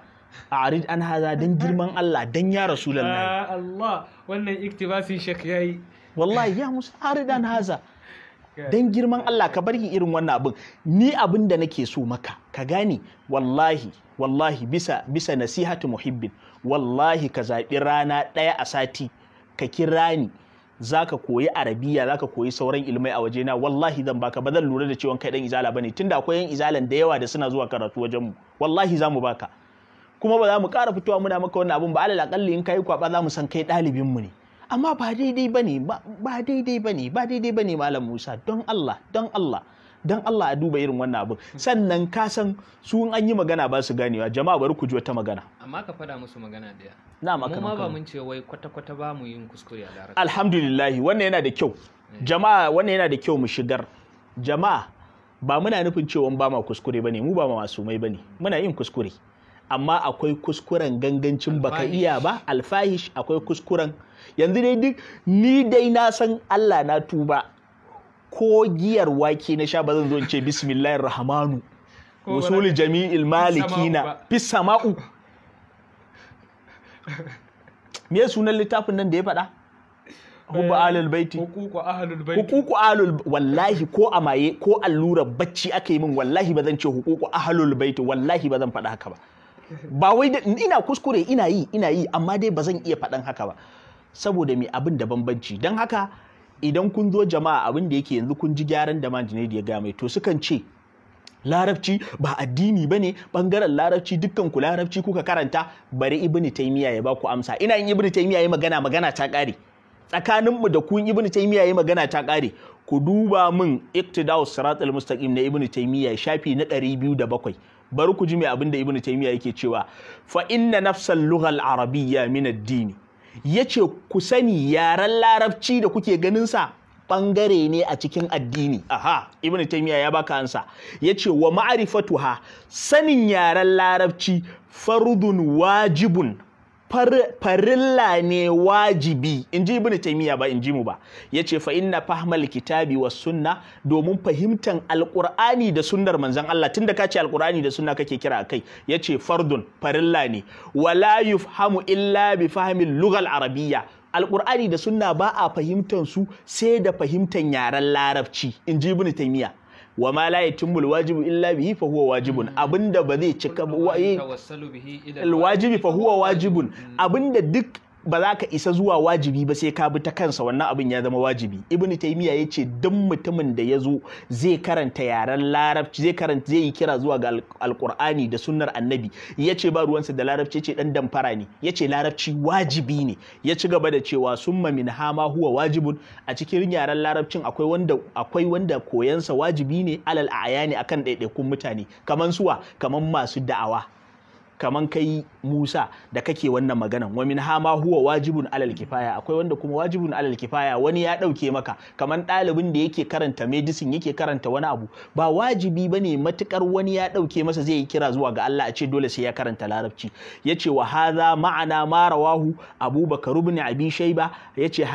A a'rid an haza don girman Allah dan ya rasulallah. Allah wannan iktibasi shek yi wallahi ya musu a'rid an haza dan girman Allah ka barki irin wannan abin ni abin da nake so maka ka gani. wallahi wallahi bisa bisa nasihatu muhibbin wallahi ka zaɓi rana ɗaya a sati ka kira ni zaka koyi arabiya zaka koyi sauran ilmai a wajena wallahi zan baka ba zan lura da cewa kai dan izala bane tunda akwai yan izalan da yawa da suna zuwa karatu wajen mu wallahi zamu baka kuma ba za mu ƙara fitowa muna maka wannan abun ba alal aƙalli in kai kwaba za mu san kai ɗalibin mu ne amma ba daidai bane ba daidai bane ba daidai bane malam Musa don Allah don Allah don Allah a duba irin wannan abun sannan ka san su an yi magana ba su ganewa jama'a bari ku ji wata magana amma ka faɗa musu magana daya na maka ma ba mun ce wai kwata kwata ba mu yin kuskure a larabci alhamdulillah wannan yana da kyau eh. jama'a wannan yana da kyau mu shigar jama'a ba muna nufin cewa ba ma kuskure bane mu ba ma masumai bane muna yin kuskure amma akwai kuskuren gangancin baka iya ba alfahish akwai kuskuren yanzu dai duk ni dai na san Allah na tuba ko giyar wake na sha ba zan zo in ce bismillahir rahmanu usul jami'il malikina fis sama'u me sunan littafin nan da ya faɗa hubba alul baiti hukuku eh, ahlul baiti hukuku ahlul wallahi ko amaye ko allura bacci aka yi min wallahi ba zan ce hukuku ahlul baiti wallahi ba zan faɗa haka ba ba wai ina kuskure ina yi ina yi amma dai ba zan iya faɗan haka ba saboda mai abin da bambanci don haka idan kun zo jama'a abin da yake yanzu kun ji gyaran da manjine da ya ga mai to sukan ce larabci ba addini ba ne ɓangaren larabci dukkan ku larabci kuka karanta bari Ibn taimiya ya baku amsa ina yin Ibn taimiya ya magana magana ta ƙare tsakaninmu da kun Ibn taimiya ya magana ta ƙare ku duba min iktidawus siratul mustaqim na Ibn taimiya shafi na biyu da bakwai. bari ku ji mai abin da ibnu taymiya yake cewa fa inna nafsal lughal arabiyya min ad yace ku sani yaren larabci da kuke ganin sa bangare ne a cikin addini aha ibnu taymiya ya baka ansa yace wa ma'rifatuha sanin yaren larabci fardun wajibun farilla ne wajibi in ji ta taymiya ba in ji mu ba yace fa inna fahmal kitabi was sunna domin fahimtan alqur'ani da sunnar manzon Allah tunda ka ce alqur'ani da sunna kake kira akai yace fardun farilla ne wala yufhamu illa bi fahmil lughal arabiyya alqur'ani da sunna ba a fahimtan su sai da fahimtar yaren larabci in ji ta taymiya wa ma la yatimul wajibu illa bihi fa huwa wajibun abinda ba zai cika ba eh, wajibi fa huwa wajibun mm. abinda duk ba za ka isa zuwa wajibi ba sai ka bi ta kansa wannan abin ya zama wajibi ibn taymiya ya ce duk mutumin da ya zo zai karanta yaren larabci zai karanta zai yi kira zuwa ga alkur'ani da sunnar annabi ya ce ba ruwansa da larabci ce dan damfara ne ya ce larabci wajibi ne ya ci gaba da cewa summa min hama huwa wajibun a cikin yaren larabcin akwai wanda akwai wanda koyansa wajibi ne alal ayani akan ɗaiɗaikun mutane kaman suwa kaman masu da'awa kaman kai Musa da kake wannan maganan wa min hama huwa wajibun alal kifaya akwai wanda kuma wajibun alal kifaya wani ya dauke maka Kamar ɗalibin da yake karanta medicine yake karanta wani abu ba wajibi bane matukar wani ya dauke masa zai yi kira zuwa ga Allah a ce dole sai ya karanta larabci yace wa hadha ma'ana ma rawahu Abubakar ibn Abi Shayba yace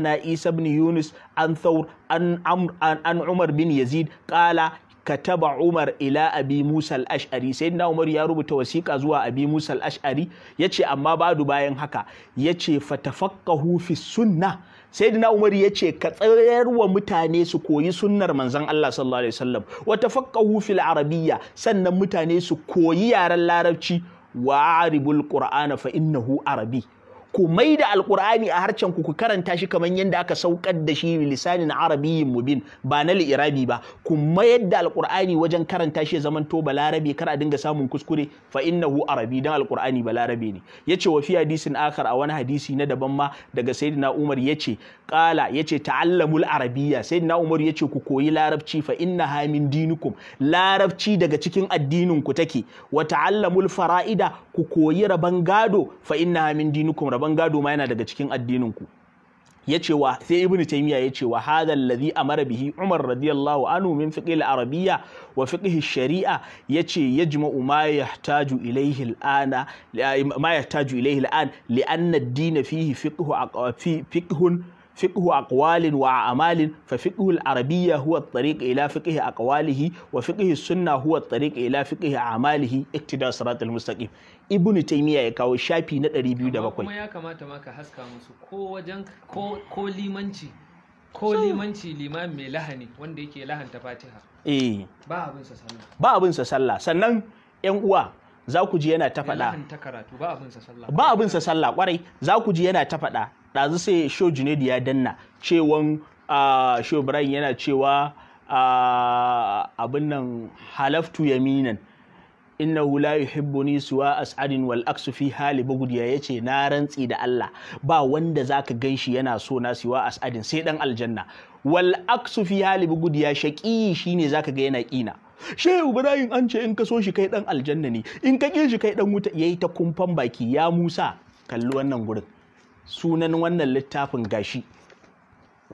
na Isa ibn Yunus an Thawr an Amr an Umar bin Yazid qala kataba Umar ila Abi Musa al-Ash'ari sayyidina Umar ya rubuta wasiƙa zuwa Abi Musa al-Ash'ari yace amma badu bayan haka yace fatafaqahu fi sunna sayyidina Umar yace ka tsayar wa mutane su koyi sunnar manzon Allah sallallahu alaihi wasallam wa tafaqahu fil arabiyya sannan mutane su koyi yaren larabci wa aribul qur'ana fa innahu arabi ku mai da alkur'ani a harcen ku ku karanta shi kamar yadda aka saukar da shi lisanin arabiyyin mubin ba na li'irabi ba ku mayar da alkur'ani wajen karanta shi zaman to balarabe kar a dinga samun kuskure fa innahu arabi dan alkur'ani balarabe ne yace wa fi hadisin akhar a wani hadisi na daban ma daga sayyidina umar yace qala yace ta'allamul arabiyya sayyidina umar yace ku koyi larabci fa innaha min dinikum larabci daga cikin addinin ku take wa ta'allamul fara'ida ku koyi raban gado fa innaha min dinikum rabon gado ma yana daga cikin addinin ku ya cewa sai ibnu taymiya ya cewa hadha alladhi amara bihi umar radiyallahu anhu min fiqh al-arabiyya wa fiqh sharia yace yajma'u ma yahtaju ilayhi al-ana ma yahtaju ilayhi al-an li anna ad-din fihi fiqh fiqhun fiqhu aqwalin wa a'malin fa fiqhu al-arabiyya huwa at-tariq ila fiqhi aqwalihi wa fiqhu sunna huwa at-tariq ila fiqhi a'malihi iktida siratal mustaqim ibn taymiya ya kawo shafi na 207 kuma ya kamata ba abin sallah ba abin sa sallah ba abin sa sallah kwarai za ku ji yana ta faɗa ɗazu sai sho junaidu ya danna cewan sho brian yana cewa abin nan halaftu yaminan innahu la ni suwa as'adin wal aksu fi hali ya ce na rantsi da Allah ba wanda zaka shi yana so na siwa as'adin sai dan aljanna wal aksu fi hali shi ne shine zaka ga yana ƙina Shehu Ibrahim an ce in ka so shi kai dan aljanna ne in ka ƙin shi kai dan wuta ya yi ta kumfan baki ya Musa kalli wannan gurin sunan wannan littafin gashi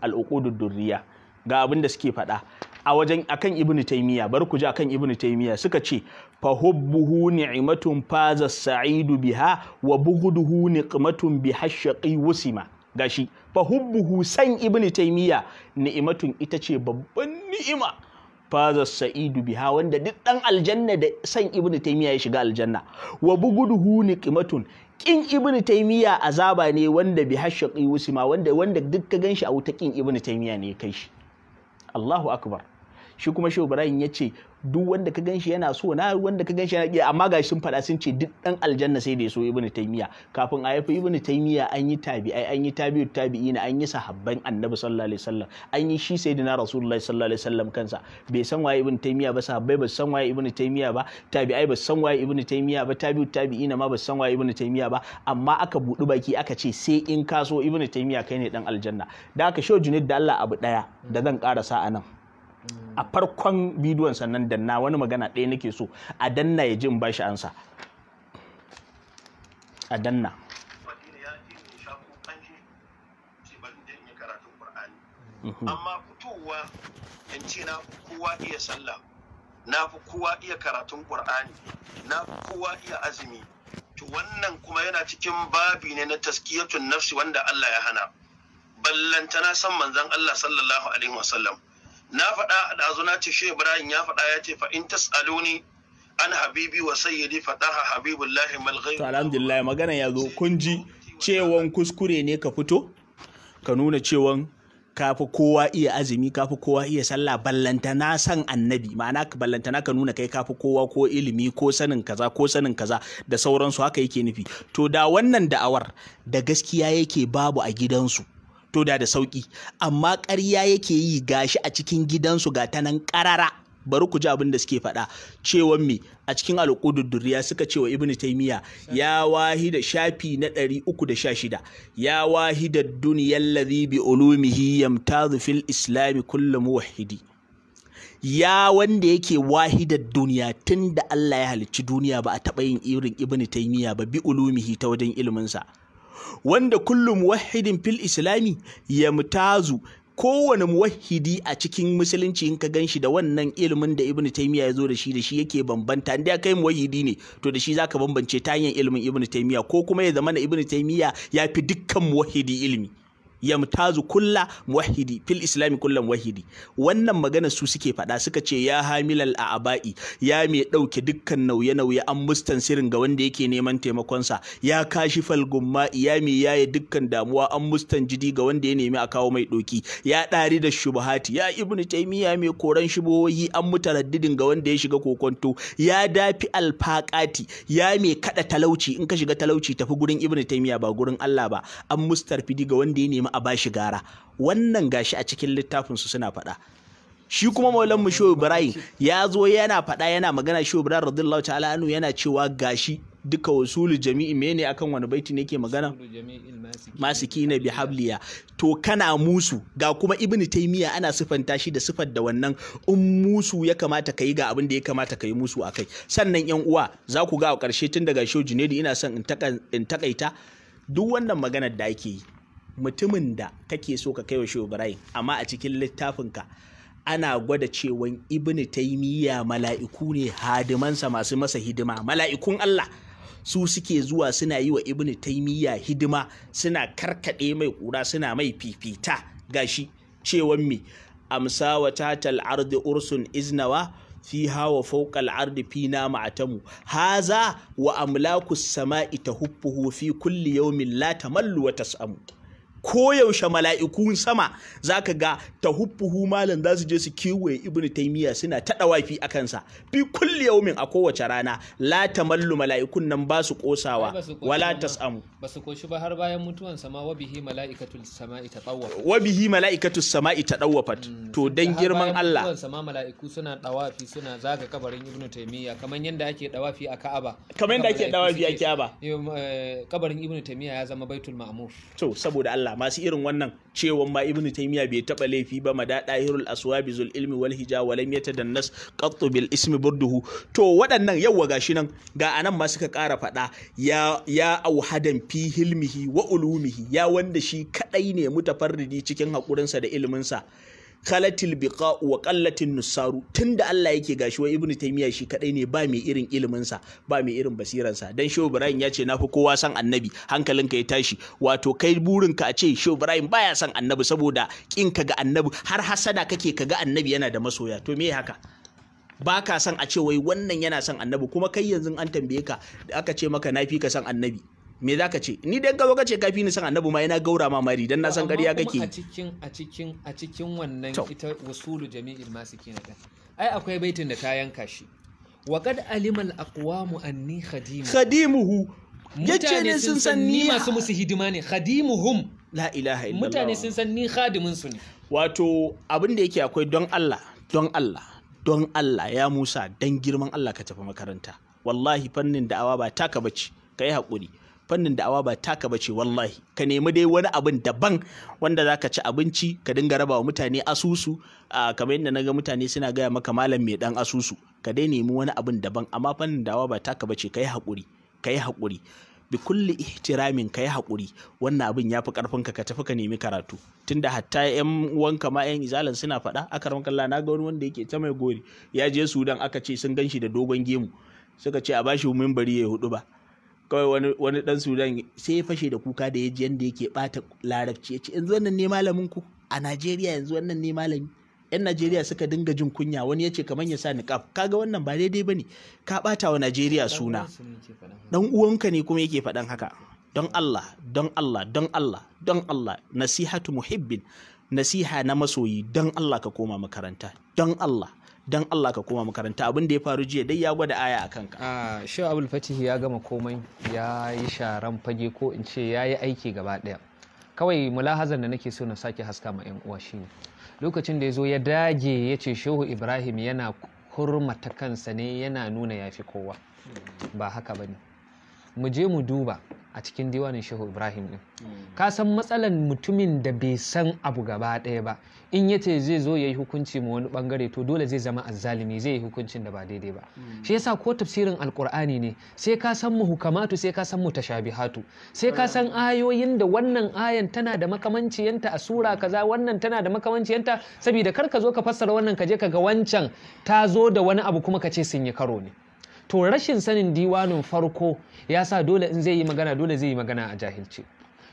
al'uqudud durriya ga abin da suke faɗa a wajen akan ibnu taymiya bar ku ji akan ibnu taymiya suka ce fa hubbuhu ni'matun faza sa'idu biha wa bughduhu niqmatun biha shaqi wusima gashi fa hubbuhu san ibnu taymiya ni'matun ita ce babban ni'ima faza sa'idu biha wanda duk dan aljanna da san ibnu taymiya ya shiga aljanna wa bughduhu niqmatun kin ibn taymiya azaba ne wanda bi hashaqi wusima wanda wanda duk ka ganshi a wuta kin ibn taymiya ne kai shi Allahu akbar shi kuma shehu ibrahim ya ce duk wanda ka ganshi yana so na wanda ka ganshi yana ƙi amma ga sun faɗa sun ce duk ɗan aljanna sai da ya so ibn taymiya kafin a yafi ibn taymiya an yi ai an yi tabi tabi'ina an yi sahabban annabi sallallahu alaihi wasallam an yi shi sayyidina rasulullahi sallallahu alaihi wasallam kansa bai san waye ibn taymiya ba sahabbai ba san waye ibn taymiya ba tabi'ai ba san waye ibn taymiya ba tabi tabi'ina ma ba san waye ibn taymiya ba amma aka buɗi baki aka ce sai in ka so ibn taymiya kai ne dan aljanna da aka sho junid da Allah abu daya da zan karasa anan nan a farkon bidiyon sannan da na wani magana ɗaya nake so a danna ya ji in bashi ansa a danna mhm. amma fitowa in ce na kowa iya sallah na fi kowa iya karatun ƙur'ani na fi kowa iya azumi to wannan kuma yana cikin babi ne na taskiyatun nafsi wanda Allah ya hana ballantana san manzon Allah sallallahu alaihi wasallam na faɗa a ɗazu na ce shi ibrahim ya faɗa ya ce fa in tas'aluni an habibi wa sayyidi fataha habibullahi malghayb to alhamdulillah magana ya zo kun ji cewan kuskure ne ka fito ka nuna cewan kafi kowa iya azumi kafi kowa iya sallah Ballanta na san annabi ma'ana ballanta na ka nuna kai kafi kowa ko ilimi ko sanin kaza ko sanin kaza da sauransu haka yake nufi to da wannan da'awar da gaskiya yake babu a gidansu to da da sauki amma ƙarya yake yi gashi a cikin gidansu ga ta nan ƙarara bari ku ji abin da suke faɗa cewan me a cikin alƙudud suka ce wa ibnu taymiya ya wahi da shafi na 316 ya wahi da duniyar ladhi bi ulumihi yamtazu fil islam kullu muwahhidi ya wanda yake wahidar duniya tun da Allah ya halicci duniya ba a taɓa yin irin ibnu taimiya ba bi ulumihi ta wajen iliminsa wanda kullum wahidin fil islami ya mutazu kowane muwahidi a cikin musulunci in ka gan shi da wannan ilimin da ibnu taymiya ya zo da shi da shi yake bambanta inda kai muwahidi ne to da shi zaka bambance ta hanyar ilimin ibnu taymiya ko kuma ya zama na ibnu taymiya ya fi dukkan muwahidi ilimi yamtazu kulla muwahhidi fil islami kullan wahidi wannan magana su suke faɗa suka ce ya hamilal a'abai ya mai ɗauke dukkan nauye nauye an mustansirin ga wanda yake neman taimakon sa ya kashi gumma ya mai yaye dukkan damuwa an jidi ga wanda ya nemi a kawo mai doki ya ɗari da shubuhati ya ibnu taymiya mai koran shubuhohi an mutaraddidin ga wanda ya shiga kokonto ya dafi alfaqati ya mai kada talauci in ka shiga talauci tafi gurin ibnu taymiya ba gurin Allah ba an mustarfidi ga wanda ya nemi a bashi gara wannan gashi a cikin littafin su suna faɗa shi kuma maulan mu shehu ibrahim ya zo yana faɗa yana magana shehu ibrahim radiyallahu ta'ala anhu yana cewa gashi duka wasulu jami'i mene akan wani baiti ne ke magana masiki na bihabliya to kana musu ga kuma ibnu taymiya ana sifanta shi da sifar da wannan in musu ya kamata ka ga abin da ya kamata ka yi musu akai sannan yan uwa za ku ga a karshe tun daga shehu junaidu ina son in takaita duk wannan maganar da ake yi mutumin da kake so ka kai wa ibrahim amma a cikin littafinka ana gwada cewan ibnu taimiyya mala'iku ne hadimansa masu masa hidima mala'ikun allah su suke zuwa suna yi wa ibnu taimiyya hidima suna karkaɗe mai ƙura suna mai fifita gashi cewan me amsa wa tatal ardi ursun iznawa fi hawa fokal ardi fina ma'atamu haza wa amlaku sama'i tahuffuhu fi kulli yaumin la tamallu wa tas'amu koyaushe mala'ikun sama za ka ga ta huffuhu malam za su je su kiwaye ibn taimiyya suna ta ɗawafi a kansa fi kulli yaumin a kowace rana la mallu mala'ikun nan ba su kosawa wala ta tasamu ba su koshi ba har bayan mutuwan sama wa bihi mala'ikatul sama'i ta tawafat wa bihi mala'ikatus sama'i ta tawafat mm, to dan girman Allah mutuwan sama mala'iku suna ɗawafi suna zaga kabarin ibn taimiyya kamar yadda ake ɗawafi a Ka'aba kamar yadda ake ɗawafi a Ka'aba eh, kabarin ibn taimiyya ya zama baitul ma'mur to saboda Allah Allah masu irin wannan cewan ma ibnu taymiya bai taba laifi ba ma. madadahirul aswabi zul ilmi wal hija wa lam yatadannas qattu bil ismi burduhu to waɗannan yawwa gashi nan ga anan ma suka ƙara faɗa ya ya auhadan fi hilmihi wa ulumihi ya wanda shi kadai ne mutafarridi cikin hakurinsa da iliminsa khalatil biqa'u wa qallatin nusaru tunda Allah yake gashi wa ibnu taymiya shi kaɗai ne ba mai irin ilimin ba mai irin basiran sa dan shehu ibrahim ya ce na fi kowa san annabi hankalinka ya tashi wato kai burin ka a ce shehu ibrahim baya san annabi saboda kin ka ga annabi har hasada kake ka ga annabi yana da masoya to me haka ba ka san a ce wai wannan yana san annabi kuma kai yanzu an tambaye ka aka ce maka na fi ka san annabi me za ka ce ni dai gaba ka ce kafi ni san annabi ma yana gaura ma mari dan na san ƙarya kake a cikin a cikin a cikin wannan ita wasulu jami'il na dan ai akwai baitin da ta yanka shi wa qad alimal aqwamu anni khadimu khadimuhu yace ne sun san ni masu musu hidima ne khadimuhum la ilaha illallah mutane sun san ni khadimin su ne wato abin da yake akwai don Allah don Allah don Allah ya Musa dan girman Allah ka tafi makaranta wallahi fannin da'awa ba taka bace kai hakuri. fannin da'awa ba taka bace wallahi ka nemi dai wani abin daban wanda za ka ci abinci ka dinga raba wa mutane asusu a kamar yadda na ga mutane suna gaya maka malam mai dan asusu ka dai nemi wani abin daban amma fannin awa ba taka bace yi haƙuri yi haƙuri bi kulli ihtiramin ka yi haƙuri wannan abin ya fi ƙarfinka ka tafi ka nemi karatu tunda hatta yan uwanka ma yan izalan suna faɗa aka ranka Allah na ga wani wanda yake ta mai gori ya je Sudan aka ce sun ganshi da dogon gemu suka ce a bashi mimbari ya hudu ba kawai wani dan sudan sai ya fashe da kuka da ya ji yanda yake bata larabci ya ce yanzu wannan ne malamin ku a najeriya yanzu wannan ne malami yan najeriya suka dinga jin kunya wani ya ce kamar ya sa niqab kaga wannan ba daidai bane ka bata wa najeriya suna dan uwanka ne kuma yake faɗan haka don allah don allah don allah don allah nasihatu muhibbin nasiha na masoyi don allah ka koma makaranta don allah Don Allah ka koma makaranta abin da ya faru jiya dai ya gwada aya a kanka a ah, abul fatihi ya gama komai ya yi sharan fage ko in ce ya yi aiki gaba daya kawai mulahazan da nake so na sake haska ma yan uwa shine lokacin da ya zo ya dage ya ce shehu ibrahim yana kurmata kansa ne yana nuna ya fi kowa ba haka ba ne mu je mu duba a cikin diwanin shehu ibrahim din mm. ka san matsalan mutumin da bai san abu gaba ɗaya ba in yace zai zo ya yi hukunci ma wani bangare to dole zai zama azzalimi zai yi hukuncin da ba daidai ba mm. shi yasa ko tafsirin alkur'ani ne sai ka san mu Hukamatu sai ka san mu Tashabihatu. sai ka san ayoyin da wannan ayan tana da makamanciyanta a sura kaza wannan tana da makamanciyanta saboda kar ka zo ka fassara wannan ka je ka ga wancan ta zo da wani abu kuma ka ce sun yi karo ne to rashin sanin diwanin farko ya sa dole in zai yi magana dole zai yi magana a jahilci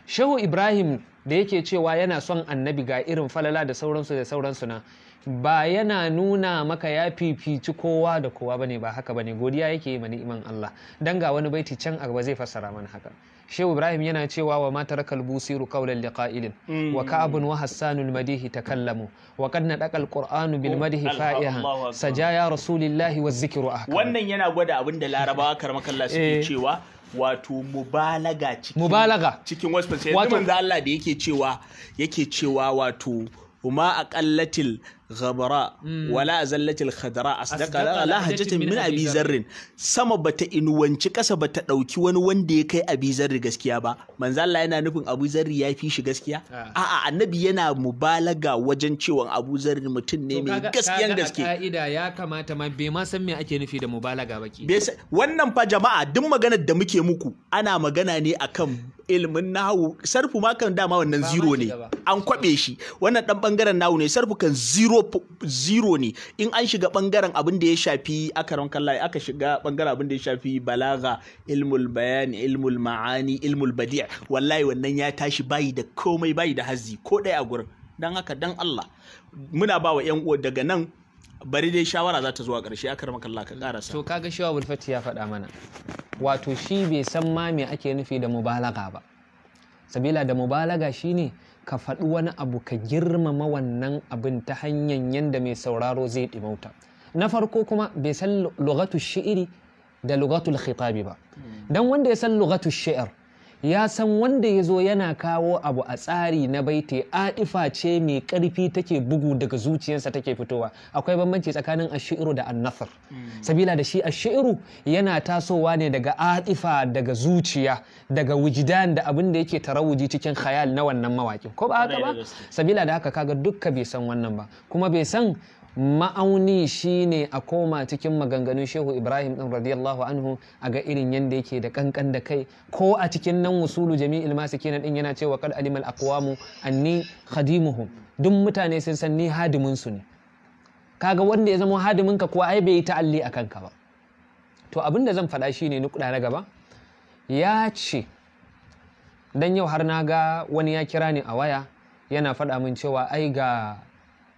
shehu ibrahim da yake cewa yana son annabi ga irin falala da sauransu da sauransu na ba yana nuna maka ya fifici kowa da kowa bane ba haka bane godiya yake yi ma ni'iman Allah dan ga wani baiti can a gaba zai fassara mana haka shehu ibrahim yana cewa wa matar kalbusiru qawlan liqa'ilin mm. wa ka'abun wa hassanul madihi takallamu wa qad nadaqa alqur'anu bil oh, madihi fa'iha sajaya rasulillahi wa zikru ahkam wannan yana gwada abin da larabawa karmakalla suke eh. cewa wato mubalaga cikin mubalaga cikin wasu fasiyar manzo Allah da yake cewa yake cewa wato ma aqallatil غبراء wala زلت الخضراء أصدق لهجة من أبي ذر سما بتا inuwanci kasa bata ɗauki wani wanda ya kai abi zarri gaskiya ba manzo Allah yana nufin abu zarri ya fi gaskiya a'a annabi yana mubalaga wajen cewa abu zarri mutum ne mai gaskiyan gaske ka'ida ya kamata ma bai ma san me ake nufi da mubalaga ba wannan fa jama'a duk maganar da muke muku ana magana ne akan ilimin nahu sarfu ma kan dama wannan zero ne an kwabe shi wannan dan bangaren nahu ne sarfu kan zero zero ne in an shiga bangaren abin da ya shafi akaron kallaye aka shiga bangaren abin da ya shafi balaga ilmul bayani ilmul ma'ani ilmul badi' wallahi wannan ya tashi bayi da komai bayi da hazi ko ɗaya a gurin dan haka dan Allah muna ba wa yan uwa daga nan bari dai shawara za ta zuwa ƙarshe aka rama kalla ka ƙarasa to kaga shi bulfati ya faɗa mana wato shi bai san ma me ake nufi da mubalaga ba sabila da mubalaga shine ka faɗi wani abu ka girmama wannan abin ta hanyar yadda mai sauraro zai ɗimauta na farko kuma bai san lugatu shi'iri da lugatul khitabi ba hmm. dan wanda ya san lugatu shi'ir ya san wanda ya zo yana kawo abu a tsari na baiti adifa ce mai karfi take bugu daga zuciyarsa take fitowa akwai bambanci tsakanin ashiru da annasar mm. sabila da shi ashiru yana tasowa ne daga adifa daga zuciya daga wujidan da abin da yake tarawuji cikin khayal na wannan mawakin ko ba haka ba sabila da haka kaga dukka bai san wannan ba kuma bai san ma'auni shine a koma cikin maganganun shehu ibrahim ɗin radiyallahu anhu a ga irin yadda yake da kankan da kai ko a cikin nan wusulu jami'il masu kenan ɗin yana cewa kad alimal aqwamu anni khadimuhum duk mutane sun san ni hadimin su ne kaga wanda ya zama hadimin ka kuwa ai bai yi ta'alli a kanka ba to abin da zan faɗa shine nukuda na gaba ya ce dan yau har na ga wani ya kira ni a waya yana faɗa min cewa ai ga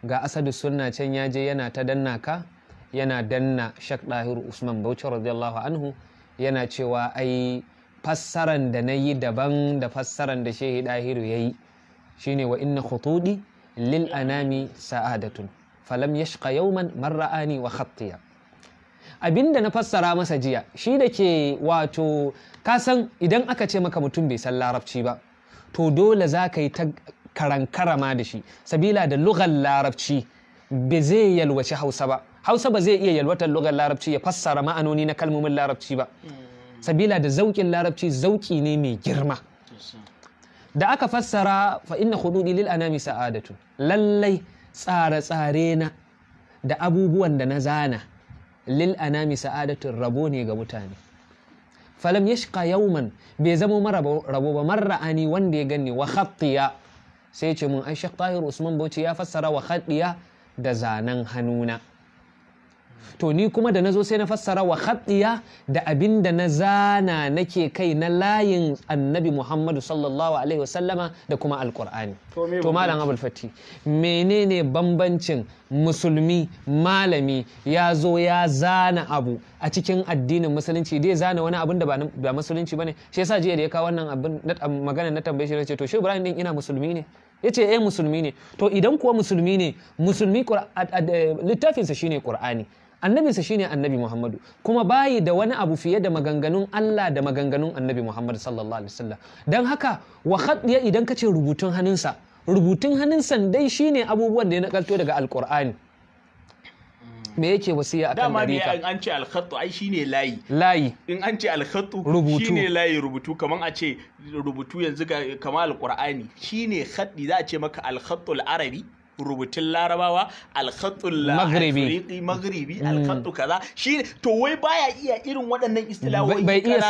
ga asadu sunna can ya je yana ta danna ka yana danna shak ɗahiru usman bauchi radiyallahu anhu yana cewa ai fassaran da na yi daban da fassaran da shehi ɗahiru ya yi shine wa inna khutudi lil anami sa'adatun falam yashqa yawman marra'ani wa khattiya abinda na fassara masa jiya shi da ke wato kasan idan aka ce maka mutum bai san larabci ba to dole za ka yi ta karankara ma da shi sabila da lugar larabci ba zai yalwaci hausa ba hausa ba zai iya yalwatar lugar larabci ya fassara ma'anoni na kalmomin larabci ba hmm. sabila da zauƙin larabci zauƙi ne mai girma da aka fassara fa inna hududi lil anami sa'adatu lallai tsare-tsare na da abubuwan da na zana lil anami sa'adatu rabo ne ga mutane falam yashqa yawman bai zamo mara rabo ba marra'ani wanda ya gani wa khattiya sai ce mun ai Tahir Usman Bauchi ya fassara wa khaddiya da zanen hannuna to ni kuma da nazo sai na fassara wa khaddiya da abin da na zana nake kai na layin annabi Muhammadu sallallahu alaihi wasallama da kuma alqur'ani to malam abul fati menene bambancin musulmi malami ya zo ya zana abu a cikin addinin musulunci dai zana wani abin da ba musulunci bane shi yasa jiya da ya kawo wannan abin magana na tambaye shi ce to shi Ibrahim din ina musulmi ne ya ce eh musulmi ne to idan kuwa musulmi ne musulmi littafinsa shine qur'ani annabinsa shine annabi muhammadu kuma bayi da wani abu fiye da maganganun allah da maganganun annabi muhammadu sallallahu alaihi wasallam don haka wa idan ka ce rubutun hannunsa rubutun hannunsa dai shine abubuwan da ya nakalto daga alqur'ani me yake wasiya akan dama in an ce alkhattu ai shine layi layi in an ce alkhattu shine layi rubutu kaman a ce rubutu yanzu kamar alqur'ani shine khaddi za a ce maka alkhattul arabi rubutun larabawa alkhatul afriqi maghribi mm. alkhatu kaza shi to wai baya iya irin waɗannan istilawoyi bai iya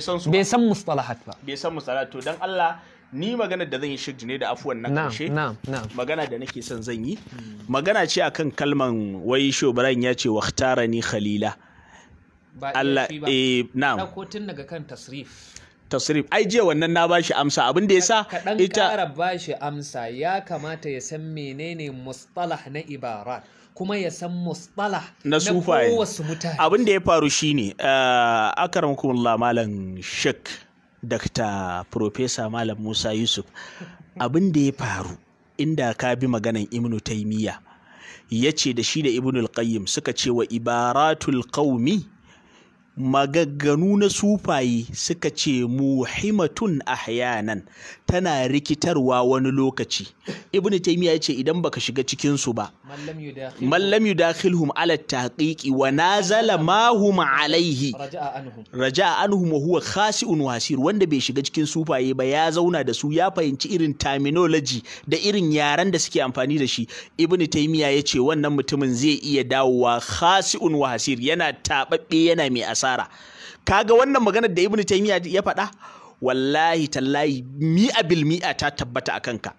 san bai san mustalahat ba bai san mustalahat to dan Allah ni magana da zan yi shirji ne da afuwan na karshe magana da nake son zan yi magana ce akan kalman wai shobaran ya ce waktara ni khalila Allah eh na'am kotun daga kan tasrif tasrif ai jiya wannan na bashi amsa abin da yasa ita kara bashi amsa ya kamata ya san menene mustalah na ibara kuma ya san mustalah na sufaye abin da ya faru shine eh, akaramukumullah malam shek Dr. Profesa Malam Musa Yusuf abin da ya faru inda ka bi maganan Ibn Taymiyyah ya ce da shi da Ibn al suka ce wa ibaratul qaumi Magagganu na sufaye suka ce muhimatun ahyanan tana rikitarwa wani lokaci. Ibn taymiya ya ce idan baka shiga cikin su ba. Mallam yudakhilhum ala tahqiqi wa nazala ma hum alaihi. Raja'a anhum wa huwa khasi'un wasir wanda bai shiga cikin sufaye ba ya zauna da su ya fahimci irin terminology da irin yaran da suke amfani da shi. ibnu taymiya ya ce wannan mutumin zai iya dawowa khasi'un wasir yana taɓaɓɓe yana mai asa asara kaga wannan maganar da ibnu taymiya ya faɗa wallahi tallahi mi'a bil mi'a ta tabbata a kanka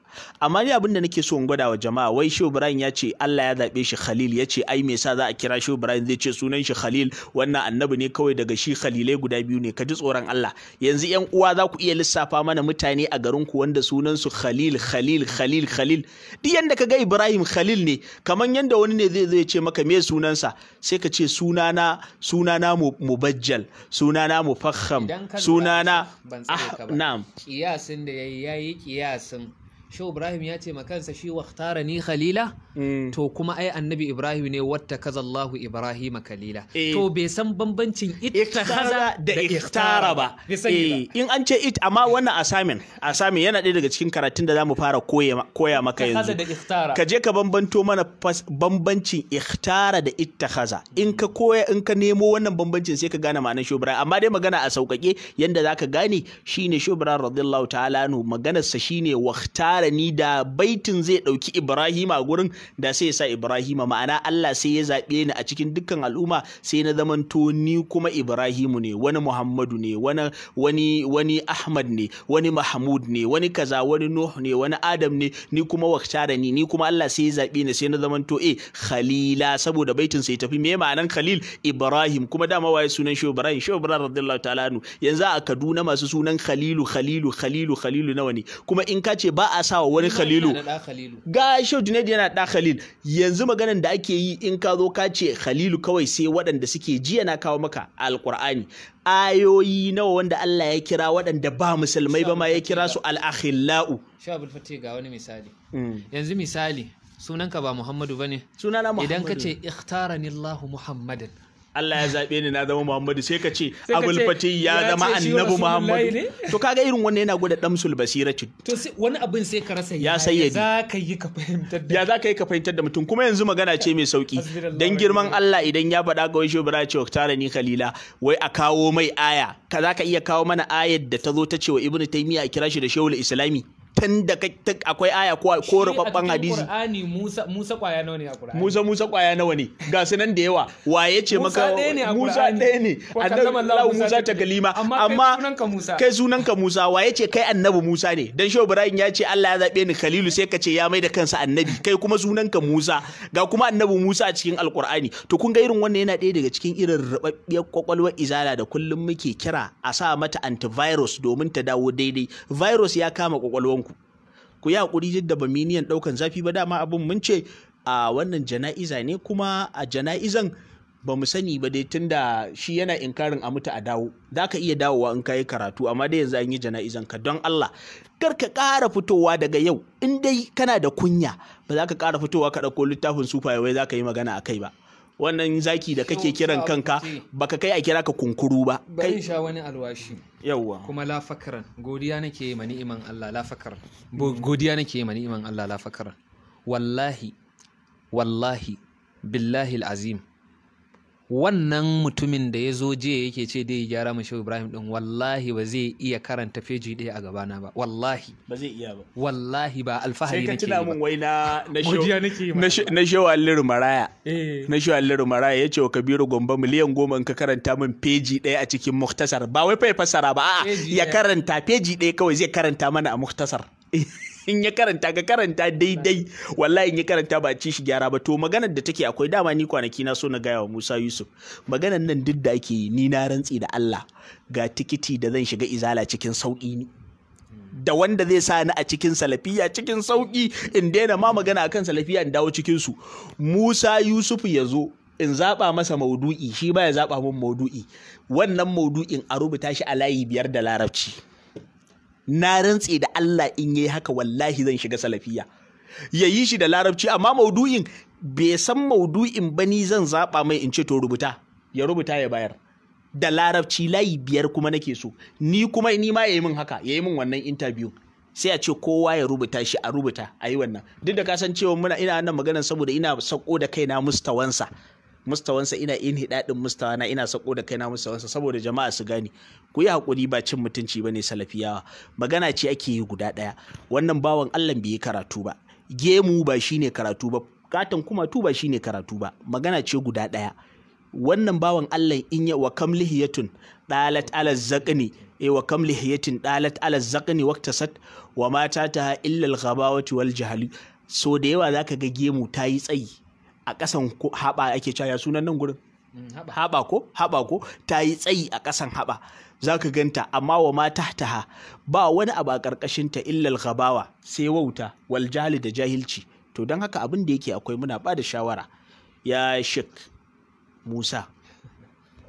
amma ni abin da nake so in gwada wa jama'a wai Shehu Ibrahim ya ce Allah ya zabe shi Khalil ya ce ai me yasa za a kira shi Ibrahim zai ce sunan shi Khalil wannan annabi ne kawai daga shi Khalilai guda biyu ne kaji ji tsoron Allah yanzu yan uwa za ku iya lissafa mana mutane a garin ku wanda sunan su Khalil Khalil Khalil Khalil duk yanda ka ga Ibrahim Khalil ne kaman yanda wani ne zai zai ce maka me sunansa sai ka ce sunana sunana mubajjal sunana mufakham sunana na'am kiyasin da yayi yayi kiyasin shehu ibrahim ya ce makansa shi waktara ni khalila mm. to kuma ai annabi ibrahim ne wata kazallahu ibrahim khalila eh. to bai san bambancin haza da ikhtara ba eh, in an ce it amma wannan asamin asamin yana ɗaya daga cikin karatun da zamu fara koya maka yanzu ka je ka bambanto mana bambancin ikhtara da haza. in ka koya in ka nemo wannan bambancin sai ka gane ma'anar shehu amma dai magana a sauƙaƙe yanda zaka gane shine shehu radiyallahu ta'ala anhu maganarsa shine waktara ni da baitin zai ɗauki Ibrahima gurin da sai sa Ibrahima ma'ana Allah sai ya zaɓe ni a cikin dukkan al'umma sai na zamanto ni kuma Ibrahimu ne wani Muhammadu ne wani wani Ahmad ne wani Mahmud ne wani kaza wani Nuh ne wani Adam ne ni kuma waktara ni ni kuma Allah sai ya zaɓe ni sai na zamanto eh Khalila saboda baitin sai tafi me ma'anan Khalil Ibrahim kuma dama waye sunan Shehu Ibrahim Shehu Ibrahim radiyallahu ta'ala yanzu a Kaduna masu sunan Khalilu Khalilu Khalilu Khalilu nawa ne kuma in ka ce ba a sa sawa wani Khalilu ga Shehu Junaid yana da Khalil yanzu maganan da ake yi in ka zo ka ce Khalilu kawai sai waɗanda suke jiya na kawo maka alqur'ani ayoyi nawa wanda Allah ya kira waɗanda ba musulmai ba ma ya kira su al-akhillau abul Fatih ga wani misali mm. yanzu misali sunanka ba Muhammadu bane sunana Muhammadu idan ka ce ikhtarani allah Muhammadan Allah ya zaɓe ni na zama Muhammadu sai ka ce Abul Fatih ya zama Annabi Muhammadu to kaga irin wannan yana gwada damsul basiratu to wani abin sai ka rasa ya za ka yi ka fahimtar da ya za ka yi ka fahimtar da mutum kuma yanzu magana ce mai sauki dan girman Allah idan ya faɗa ga wani bara ce waktara ni Khalila wai a kawo mai aya ka za ka iya kawo mana ayar da ta zo ta ce wa Ibn Taymiyyah a kira shi da Shehul Islami tun da akwai aya ko rubabban hadisi Musa Musa kwaya nawa ne a Qur'ani Musa Musa kwaya nawa ne ga su nan da yawa waye ce maka Musa ɗaya ne annabi Allah Musa ta Galima. amma kai sunanka Musa waye ce kai annabi Musa ne dan Shehu Ibrahim ya ce Allah ya zabe ni Khalilu sai ka ce ya mai da kansa annabi kai kuma sunanka Musa ga kuma annabi Musa a cikin Alqur'ani to kun ga irin wannan yana ɗaya daga cikin irin rubabbiyar kwakwalwar izala da kullum muke kira a sa mata antivirus domin ta dawo daidai virus ya kama kwakwalwar ku yi hakuri duk da ba miniyan daukan zafi ba dama abin mun ce a wannan jana'iza ne kuma a jana'izan ba mu sani ba dai tunda shi yana inkarin a mutu a dawo za ka iya dawowa in ka karatu amma dai yanzu an yi jana'izan ka don Allah kar ka ƙara fitowa daga yau in dai kana da kunya ba za ka ƙara fitowa ka ɗauko littafin sufaye wai za ka yi magana a kai ba wannan zaki da kake kiran kanka baka kai a kira ka kunkuru ba kai sha wani alwashi yawwa kuma lafakar, godiya nake yi mani iman Allah lafakar. godiya nake yi mani iman Allah lafakar. wallahi wallahi billahi alazim wannan mutumin da ya zo jiya yake ce dai ya gyara mashi ibrahim din wallahi ba zai iya karanta feji ɗaya a gabana ba wallahi ba zai iya ba wallahi ba alfahari nake ba sai ka tuna mun wai na na shehu na show alliru maraya eh. na show alliru maraya yace wa kabiru gombe miliyan goma in ka karanta min feji ɗaya a cikin muktasar ba wai fa ya fassara ba a'a ya karanta feji ɗaya kawai zai karanta mana a muktasar in ya karanta ga karanta daidai wallahi in ya karanta ba ci shi gyara ba to maganar da take akwai dama ni kwanaki na so na gaya wa Musa Yusuf maganar nan duk da ake yi ni na rantsi da Allah ga tikiti da zan shiga izala cikin sauki ni da wanda zai sa ni a cikin salafiya cikin sauki in daina ma magana akan salafiya in dawo cikin su Musa Yusuf ya zo in zaba masa maudu'i shi ba ya zaba min maudu'i wannan maudu'in a rubuta shi a layi biyar da larabci na rantse da Allah in yi haka wallahi zan shiga salafiya ya yi shi da larabci amma maudu'in bai san maudu'in ba ni zan zaɓa mai in ce to rubuta ya rubuta ya bayar da larabci layi biyar kuma nake so ni kuma ni ma yayi min haka yayi min wannan interview sai a ce kowa ya rubuta shi a rubuta a yi wannan duk da ka kasancewa muna ina nan maganan saboda ina sauko da kaina mustawansa mustawansa ina in hidadin mustawana ina sako da kaina mustawansa saboda jama'a su gani ku yi hakuri ba cin mutunci bane salafiyawa magana ce ake yi guda daya wannan bawan Allah bai karatu ba gemu ba shine karatu ba katon kuma tu ba shine karatu ba magana ce guda daya wannan bawan Allah in ya wa kam lihiyatun dalat ala zaqni e eh, wa kam dalat ala zaqni waqtasat wa mata ta illa al-ghabawati wal jahli so da yawa zaka ga gemu tayi tsayi a ƙasan haɓa ake caya sunan nan gurin mm, haɓa ko haɓa ko ta yi tsayi a ƙasan haɓa za ka ganta amma wa ma tahtaha ba wani abu a ta illal gabawa sai wauta wal jali da jahilci to don haka abin da yake akwai muna ba da shawara ya shek musa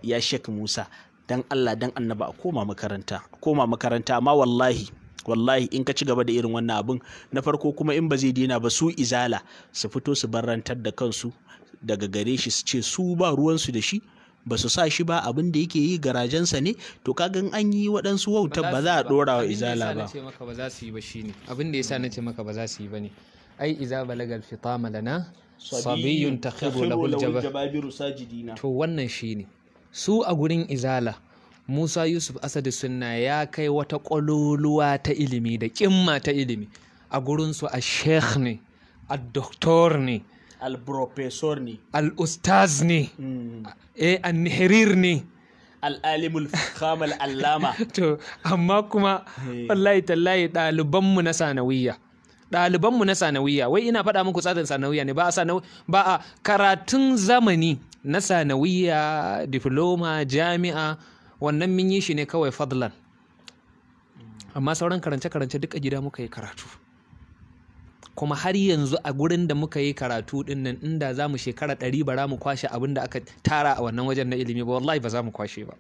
ya shek musa don allah don annaba a koma makaranta koma makaranta amma wallahi wallahi in ka ci gaba da irin wannan abin na farko kuma in ba zai dina ba su izala su fito su barantar da kansu daga gare shi su ce su ba ruwansu da shi ba su sa shi ba abin da yake yi garajensa ne to kagan an yi waɗansu wauta ba za a ɗora wa izala ba ba za su yi ba abin da sa na ce maka ba za su yi ba ne ai iza balagal fitama lana sabiyun takhiru lahul jababiru sajidina to wannan shine su a gurin izala Musa Yusuf Asadu Sunna ya kai wata ƙwaloluwa ta ilimi da ƙimma ta ilimi a gurinsu a sheikh ne, a doktor ne, al-professor ne, al-ustaz ne, mm. eh an Herir ne. al'alimul kamal allama. To, amma kuma eh. wallahi tallahi ɗalibanmu na sanawiyya. ɗalibanmu na sanawiyya wai ina faɗa muku tsarin sanawiyya ne ba a ba a karatun zamani na sanawiyya diploma jami'a wannan mun yi shi ne kawai fadlan amma sauran karance-karance duk gida muka yi karatu kuma har yanzu a gurin da muka yi karatu din nan inda za mu shekara ɗari ba za mu kwashe abin da aka tara a wannan wajen na ilimi ba wallahi ba za mu kwashe ba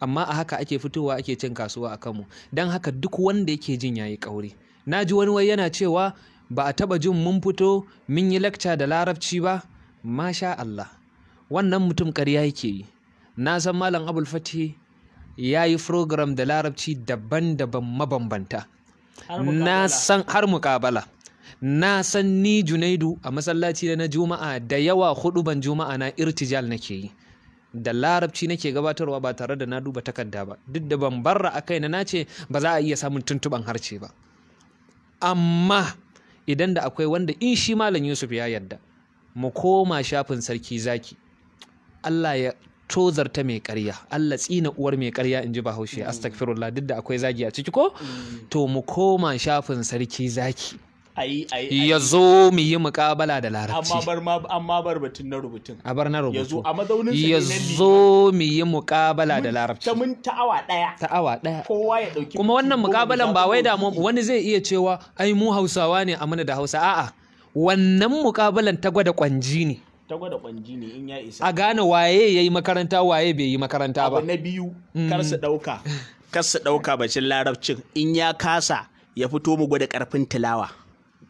amma a haka ake fitowa ake cin kasuwa a kanmu don haka duk wanda yake jin yayi kauri na ji wani wai yana cewa ba a taba jin mun fito mun yi lakca da larabci ba masha Allah wannan mutum ƙarya yake yi na san malam abul fati ya yi program da larabci daban-daban mabambanta na san har mukabala na san ni junaidu a masallaci da na juma'a da yawa hudu ban juma'a na irtijal nake yi da larabci nake gabatarwa ba tare da na duba takarda ba duk da ban barra a kaina na ce ba za a iya samun tuntuban harce ba amma idan da akwai wanda in shi malam yusuf ya yarda mu koma shafin sarki zaki Allah ya ta mai karya Allah tsina uwar mai karya in ji bahaushe mm. astagfirullah duk da akwai zagi a ciki ko mm. to mu koma shafin sarki zaki ya zo mu yi mukabala da larabci amma bar batun na rubutun a bar na rubutu ya zo mu yi mukabala da larabci ta mun ta'awa daya ta'awa daya kowa ya dauki kuma wannan mukabalan ba wai damu wani zai iya cewa ai mu Hausawa ne a mana da Hausa a'a wannan mukabalan ta gwada kwanji ne ta gwada kwanji ne in ya isa a gane waye ya yi makaranta waye bai yi makaranta ba abu na biyu mm. kar su ɗauka kar su ɗauka bacin larabcin in ya kasa ya fito mu gwada ƙarfin tilawa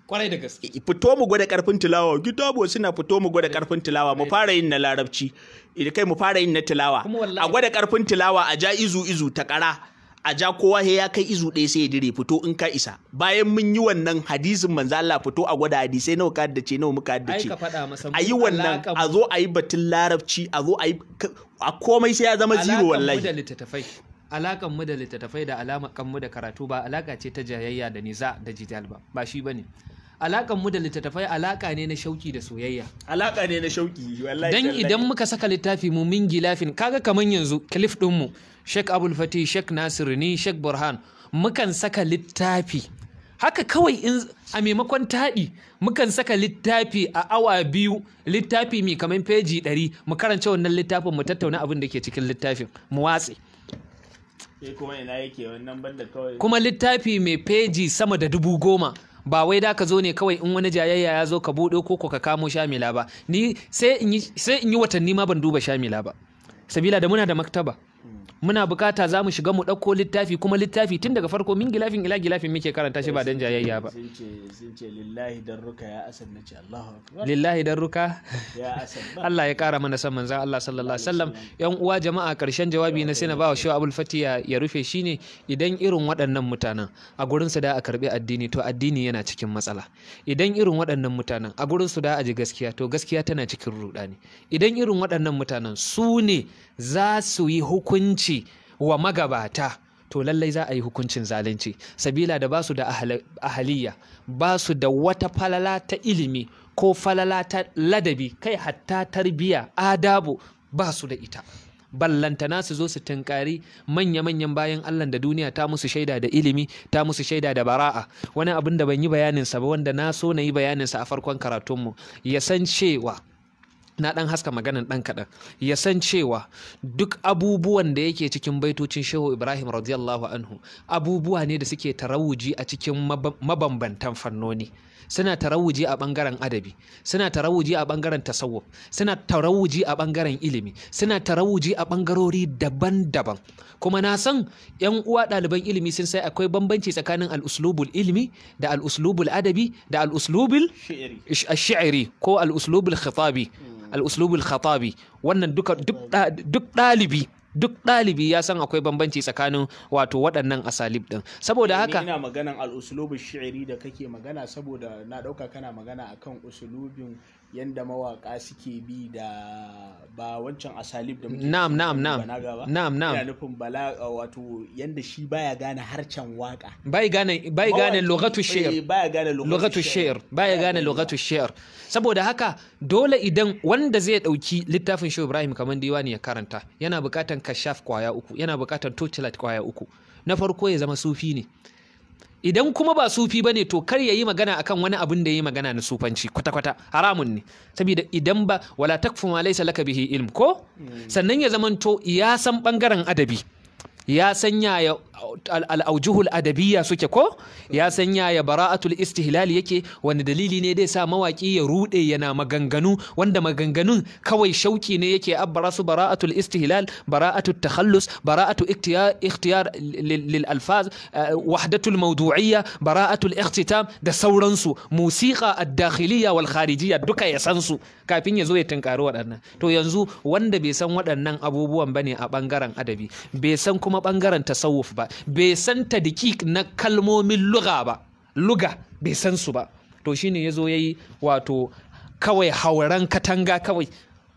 kwarai da gaske fito mu gwada ƙarfin tilawa gitabo suna fito mu gwada ƙarfin tilawa mu fara yin na larabci idan kai mu fara yin na tilawa a gwada ƙarfin tilawa a ja izu izu ta ƙara a ja kowa sai ya kai izu ɗaya sai ya dire fito in ka isa bayan mun yi wannan hadisin manzo Allah fito a gwada hadisai nawa ka haddace nawa muka haddace a yi wannan a zo a yi batun larabci a zo a yi a komai sai ya zama zero wallahi alakan mu da littattafai da alakan mu da karatu ba alaka ce ta jayayya da niza da jidal ba ba shi bane alakan mu da littattafai alaka ne na shauki da soyayya alaka ne na shauki wallahi dan idan muka saka littafi mu min gilafin kaga kaman yanzu clip din mu Sheikh Abul Fati, Sheikh Nasir ni Sheikh Burhan mukan saka littafi haka kawai in a maimakon taɗi mukan saka littafi a awa biyu littafi mai kamar feji ɗari mu karanta wannan littafin mu tattauna abin da ke cikin littafin mu watse kuma littafi mai feji sama da dubu goma ba wai da ka zo ne kawai in wani jayayya ya zo ka buɗe ko ka kamo shamila ba ni sai in yi watanni ma ban duba shamila ba sabila da muna da maktaba muna bukata za mu shiga mu ɗauko littafi kuma littafi tun daga farko min gilafin ila gilafin muke karanta shi ba dan jayayya ba lillahi darruka ya na ce Allahu lillahi darruka ya Allah ya kara mana san manzon Allah sallallahu alaihi wasallam yan uwa jama'a karshen jawabi na sai na wa Shehu Abdul Fatiya ya rufe shine idan irin waɗannan mutanen a gurin su da a karbi addini to addini yana cikin matsala idan irin waɗannan mutanen a gurin su da a ji gaskiya to gaskiya tana cikin rudani idan irin waɗannan mutanen su ne za su yi hukunci hukunci wa magabata to lallai za a yi hukuncin zalunci sabila da basu da ahaliya basu da wata falala ta ilimi ko falala ta ladabi kai hatta tarbiya adabu basu da ita ballantana su zo su tunkari manya-manyan bayan Allah da duniya ta musu shaida da ilimi ta musu shaida da bara'a wani abin da ban yi bayaninsa ba wanda na so na yi bayaninsa a farkon karatunmu ya san cewa na ɗan haska maganan ɗan kaɗan ya san cewa duk abubuwan da yake cikin baitocin shehu ibrahim radiyallahu anhu abubuwa ne da suke tarawuji a cikin mabambantan fannoni suna tarawuji a bangaren adabi suna tarawuji a ɓangaren tasawuf suna tarawuji a bangaren ilimi suna tarawuji a ɓangarori daban-daban kuma na san yan uwa ɗaliban ilimi sun sai akwai bambanci tsakanin al'uslubul ilimi da al'uslubul adabi da al'uslubul shi'iri ko al'uslubul khitabi al'uslubul khatabi wannan duka duk ɗalibi duk ɗalibi ya san akwai bambanci tsakanin wato waɗannan asalib ɗin saboda haka ina maganan al'usulubin shi'iri da kake magana saboda na ɗauka kana magana akan usulubin yanda mawaka suke bi da ba wancan asalib da muke na'am na'am na'am na'am na'am ya nufin bala wato yanda shi baya gane harcen waka bai gane bai gane lughatu eh, shi'r baya gane lughatu shi'r baya gane lughatu shi'r saboda haka dole idan wanda zai dauki littafin shi Ibrahim kaman diwani ya karanta yana bukatan kashaf kwaya uku yana bukatan torchlight kwaya uku na farko ya zama sufi ne idan kuma ba sufi bane to kar ya yi magana akan wani abin da ya yayi magana na sufanci kwata kwata haramun ne saboda idan ba wala takfu ma laysa laka bihi ilm ko hmm. sannan ya zamanto ya san bangaren adabi ya san yaya al'aujuhul adabiyya suke ko ya san yaya bara'atul istihlal yake wani dalili ne dai sa mawaki ya rude yana maganganu wanda maganganun kawai shauki ne yake abbara su bara'atul istihlal bara'atul takhallus bara'atul ikhtiyar lil alfaz eh, wahdatul mawdu'iyya bara'atul ikhtitam da sauransu musiqa ad-dakhiliyya wal kharijiyya duka ya san su kafin ya zo ya tunkari waɗannan to yanzu wanda bai san waɗannan abubuwan bane a bangaren adabi bai san kuma bangaren tasawuf ba ba bai san tadqiq na kalmomin luga ba luga bai san su ba to shine yazo yayi wato kawai hauran katanga kawai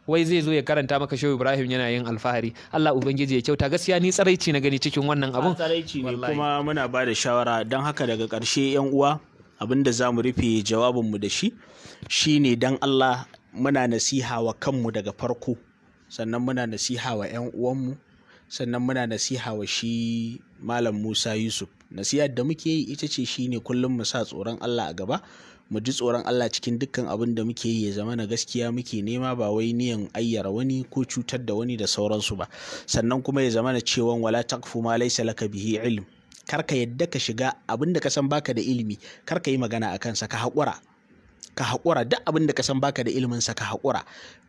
wai zai zo ya karanta maka shehu ibrahim yana yin alfahari allah ubangiji ya kyauta gaskiya ni tsaraici na gani cikin wannan abun ah, tsaraici ne kuma muna ba da shawara don haka daga ƙarshe yan uwa abin da za mu rufe jawabinmu da shi shi ne don allah muna nasiha wa kanmu daga farko sannan muna nasiha wa yan uwanmu sannan muna nasiha wa shi malam musa yusuf nasiha da muke yi ita ce shine kullum mu sa tsoron allah a gaba mu ji tsoron allah cikin dukkan abin da muke yi ya zama na gaskiya muke nema ba wai niyan ayyara wani ko cutar da wani da sauransu ba sannan kuma ya zama na cewa wala takfu ma laysa laka bihi ilm kar ka yadda ka shiga abin da ka san baka da ilimi kar ka yi magana akan kansa ka haƙura ka haƙura duk abin da ka san baka da ilimin sa ka haƙura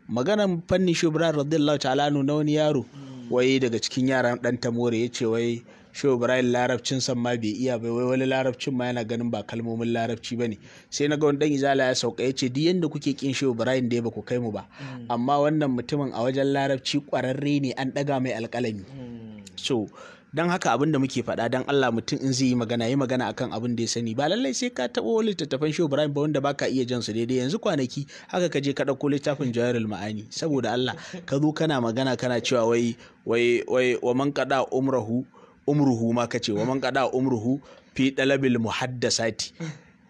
maganan fannin shubran radiyallahu ta'ala na wani yaro wai daga cikin yaran dan tamore ya ce wai shehu larabcin san ma bai iya bai wai wani larabcin ma yana ganin ba kalmomin larabci bane sai na ga wani dan izala ya sauka ya duk yanda kuke kin shehu da ba ku kai mu ba mm. amma wannan mutumin a wajen larabci kwararre ne an ɗaga mai alƙalami. Mm. so don haka abin da muke faɗa don Allah mutum in zai yi magana yi magana akan abin da ya sani ba lallai sai ka taɓo littattafan Shehu Ibrahim ba wanda baka iya jan su daidai yanzu kwanaki haka ka je ka ɗauko littafin Jawahirul Ma'ani saboda Allah ka zo kana magana kana cewa wai wai wai wa man kada umruhu umruhu ma kace wa man kada umruhu fi dalabil muhaddasati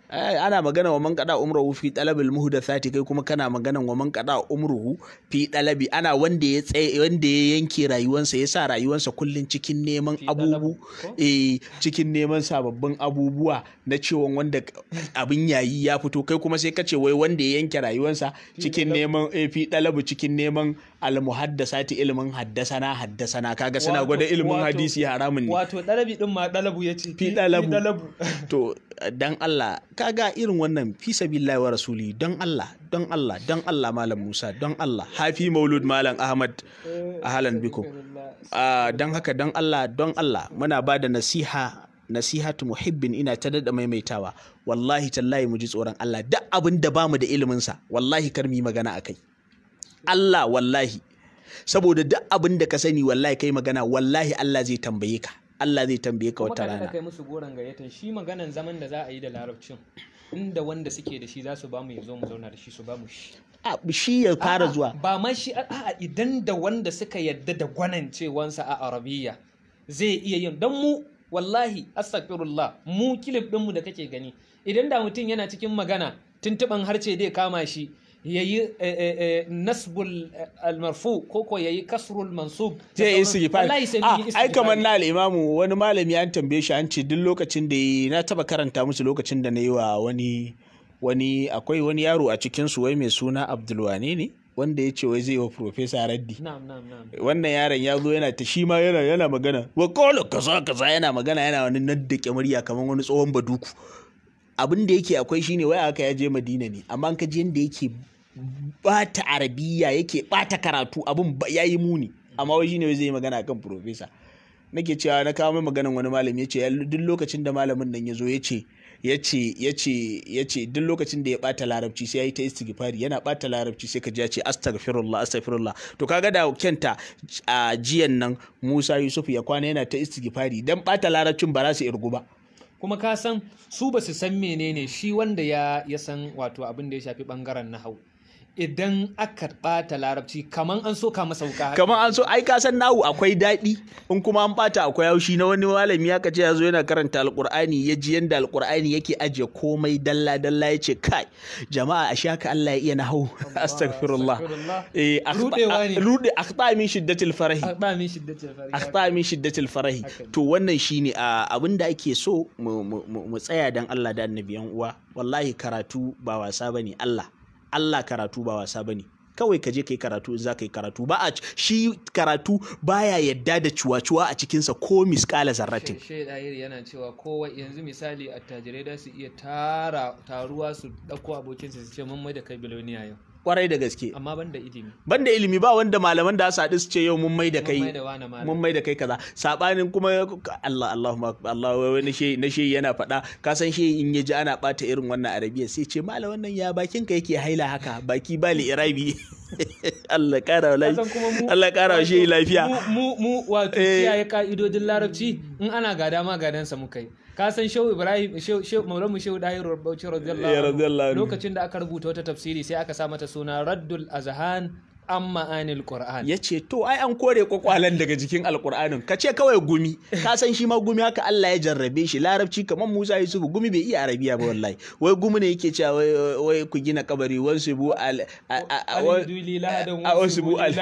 Eh, ana magana wa man kada umruhu fi talabil muhdathati kai kuma kana magana wa man kada umruhu fi talabi ana wanda ya tsaye wanda ya yanke rayuwansa ya sa rayuwansa kullun cikin neman abubu eh cikin neman sababbin abubuwa na cewa wanda abin yayi ya fito kai kuma sai kace wai wanda ya yanke rayuwansa cikin neman eh fi talabu cikin neman al muhaddasati ilmin haddasana haddasana kaga suna gwada ilmin hadisi haramun ne wato dalabi din ma dalabu yace fi dalabu to dan Allah ga irin wannan fi sabilillahi wa rasuli don Allah don Allah don Allah malam Musa don Allah hafi maulud malam Ahmad a halin biko. Ah, don haka don Allah don Allah muna ba da nasiha nasihatu muhibbin ina ta dada maimaitawa wallahi tallahi mu ji tsoron Allah duk abin da bamu da ilimin sa wallahi kar mu yi magana akai Allah wallahi saboda duk abin da ka sani wallahi kai magana wallahi Allah zai tambaye ka Allah zai tambaye ka wata rana kai musu goron gayyatar shi maganan zaman da za a yi da larabcin inda wanda suke da shi za su ba mu mu zauna da shi su ba mu shi a shi ya fara zuwa ba ma shi a idan da wanda suka yadda da gwanan cewansa a arabiya zai iya yin Don mu wallahi astagfirullah mu kilif ɗinmu da kake gani idan da mutum yana cikin magana tuntuɓan harce dai kama shi yayi nasbul almarfu ko ko yayi kasrul mansub sai istighfar ai kamar na al wani malami an tambaye shi an ce duk lokacin da na taba karanta musu lokacin da na yi wa wani wani akwai wani yaro a cikin su wai mai suna Abdulwani ne wanda ya ce wai zai wa Profesa Raddi. Wannan yaron ya zo yana ta shi ma yana magana. Wa kaza kaza yana magana yana wani nadda kyamarya kamar wani tsohon baduku. abin da yake akwai shine waya haka ya je madina ne amma ka je yadda yake bata arabiya yake bata karatu abin ya yi muni amma wai shine zai yi magana kan profesa nake cewa na kawo mai maganan wani malam malami ce duk lokacin da malamin nan ya zo ya ce ya ce duk lokacin da ya bata larabci sai ya yi ta istighfari yana bata larabci sai ka ji yace astaghfirullah astaghfirullah to kaga da kenta a jiyan nan Musa Yusuf ya kwana yana ta istighfari dan bata larabcin ba za su irgu ba kuma ka san su ba su san menene shi wanda ya san wato abin da ya shafi bangaren nahau idan aka bata larabci kaman an so ka masa wuka kaman an so ai ka san nawu akwai daɗi in kuma an bata akwai haushi na wani malami aka ce yazo yana karanta alqur'ani ya ji yanda alqur'ani yake aje komai dalla dalla ya ce kai jama'a a shaka Allah ya iya nahu astaghfirullah eh rude akhta min shiddatil farahi akhta min shiddatil farahi akhta min shiddatil farahi to wannan shine abin da ake so mu tsaya dan Allah da annabiyan uwa wallahi karatu ba wasa bane Allah Allah karatu ba wasa ba ne kawai ka je ka yi karatu in za ka yi karatu ba a shi karatu baya yadda da cuwa-cuwa a cikinsa ko miskala zarratin shi yana cewa kowa yanzu misali attajirai da su iya taruwa su ɗauko abokinsa su ce mun mai da kai biloniya yau kwarai da gaske amma banda ilimi banda ilimi ba wanda malaman da su haɗu su ce yau mun mai da kai mun mai da kai kaza sabanin kuma Allah Allahumma Allah wani shi na shi yana faɗa ka san shi in ji ana bata irin wannan arabiya sai ce malaman wannan ya bakin ka yake haila haka baki ba li irabi Allah kara Allah kara shi lafiya mu mu wato eh. kiyaye ka'idodin larabci in ana gada ma gadan sa mu kai. ka san shehu ibrahim shehu maulamu shehu dahir rabbi radiyallahu lokacin da aka rubuta wata tafsiri sai aka sa mata suna raddul azhan an ma'anil qur'an ya ce to ai an kore kwakwalan daga jikin alqur'anin ka ce kawai gumi ka san shi ma gumi haka Allah ya jarrabe shi larabci kamar Musa Yusuf gumi bai iya arabiya ba wallahi wai gumi ne yake cewa wai ku gina kabari wansu bu al a wasu bu al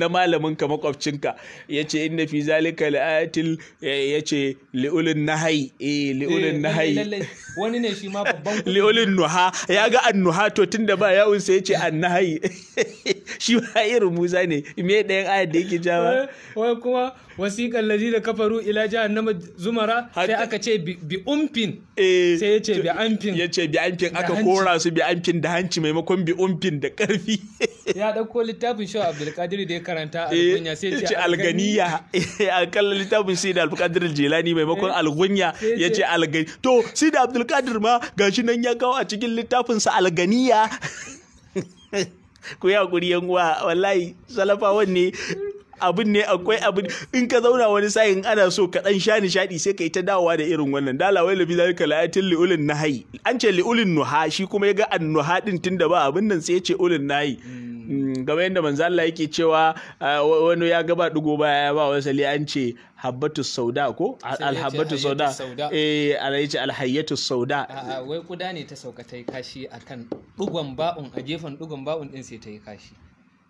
na malamin ka makwabcinka yace inna fi zalika la'atil yace li'ulun nahai eh li'ulun eh, nahai wani ne shi ma babban li'ulun nuha ya ga annuha to tunda ba yawun sai yace annahai shi ba irin Musa ne me ɗayan ayar da yake jawa wai kuma laji da kafaru ila jahannama zumara sai aka ce bi umfin eh, sai yace bi amfin yace bi amfin aka kora su bi amfin da hanci maimakon bi umfin da karfi ya dauko littafin Shehu Abdulkadir da ya karanta eh, algunya sai ce alganiya alkalla eh, littafin sai da Abdulkadir Jilani maimakon algunya yace algani to sai da Abdulkadir ma gashi nan ya kawo a cikin littafin sa alganiya ku yi hakuri yan uwa wallahi salafawan ne abin ne akwai abin in ka zauna wani sa'in ana so ka dan sha nishaɗi sai ka yi ta dawowa da irin wannan dala wai labi zalika la'atin li'ulin nahai an ce li'ulin nuha shi kuma ya ga an din tunda ba abin nan sai ya ce ulin nahai gaba mm, yadda manzo Allah yake cewa uh, wani ya gaba dugo baya ya ba sali an ce habbatu sauda ko alhabbatu sauda eh ana yace alhayyatu sauda wai kuda ne ta sauka ta yi kashi akan dugon ba'un a gefen dugon ba'un din sai ta yi kashi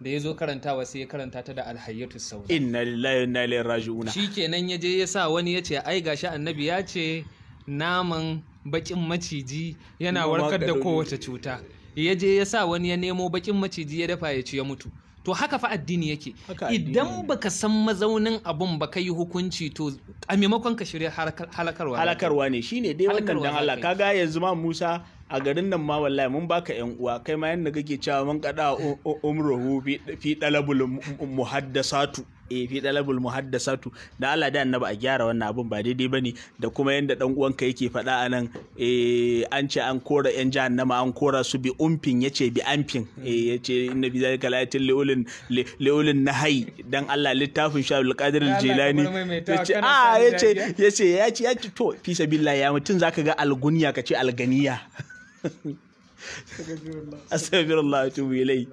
da ya zo karantawa sai ya karanta ta da alhayyatu sauda inna lillahi inna ilaihi raji'un shikenan ya je ya sa wani ya ce ai gashi annabi ya ce naman bakin maciji yana warkar da kowace cuta ya je ya sa wani ya nemo bakin maciji ya dafa ya ci ya mutu to haka fa addini yake idan baka san mazaunin abun ba ka yi hukunci to a maimakon ka shirya halakarwa halakarwa ne shine dai wannan dan Allah kaga yanzu ma Musa a garin nan ma wallahi mun baka yan uwa kai ma yanda kake cewa mun kada umruhu fi dalabul muhaddasatu eh fi talabul muhaddasatu da Allah da annabi a gyara wannan abun ba daidai bane da kuma yanda dan uwanka yake faɗa anan eh an ce an kora yan jahannama an kora su bi umfin yace bi amfin eh yace innabi bi zalika layatin liulin liulin nahai dan Allah littafin shabul Qadir Jilani yace a yace yace yace yace to fi sabilillah ya mutun zaka ga algunya kace alganiya astaghfirullah wa atubu ilayhi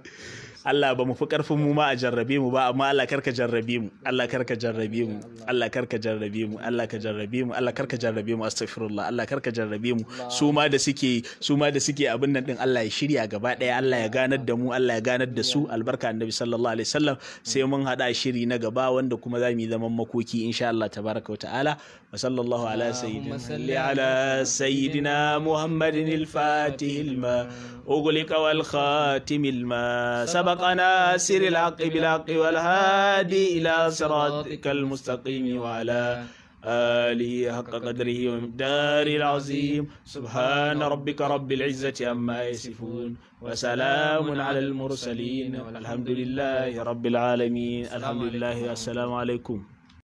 Allah ba mu fi karfin mu ma a jarrabe mu ba amma Allah karka jarrabe mu Allah karka jarrabe mu Allah karka jarrabe mu Allah ka jarrabe mu Allah karka jarrabe mu astaghfirullah Allah karka jarrabe mu su ma da suke su ma da suke abin nan din Allah ya shirya gaba daya Allah ya ganar da mu Allah ya ganar da su albarka annabi sallallahu alaihi wasallam sai mun hada shiri na gaba wanda kuma za mu yi zaman makoki insha Allah tabaraka wa ta'ala wa sallallahu ala sayyidina salli ala sayyidina muhammadin al-fatih al-ma ughliqa wal khatim al-ma سر الحق بالحق والهادي إلى صراطك المستقيم وعلى آله حق قدره ومقداره العظيم سبحان ربك رب العزة عما يصفون وسلام على المرسلين والحمد لله رب العالمين الحمد لله والسلام عليكم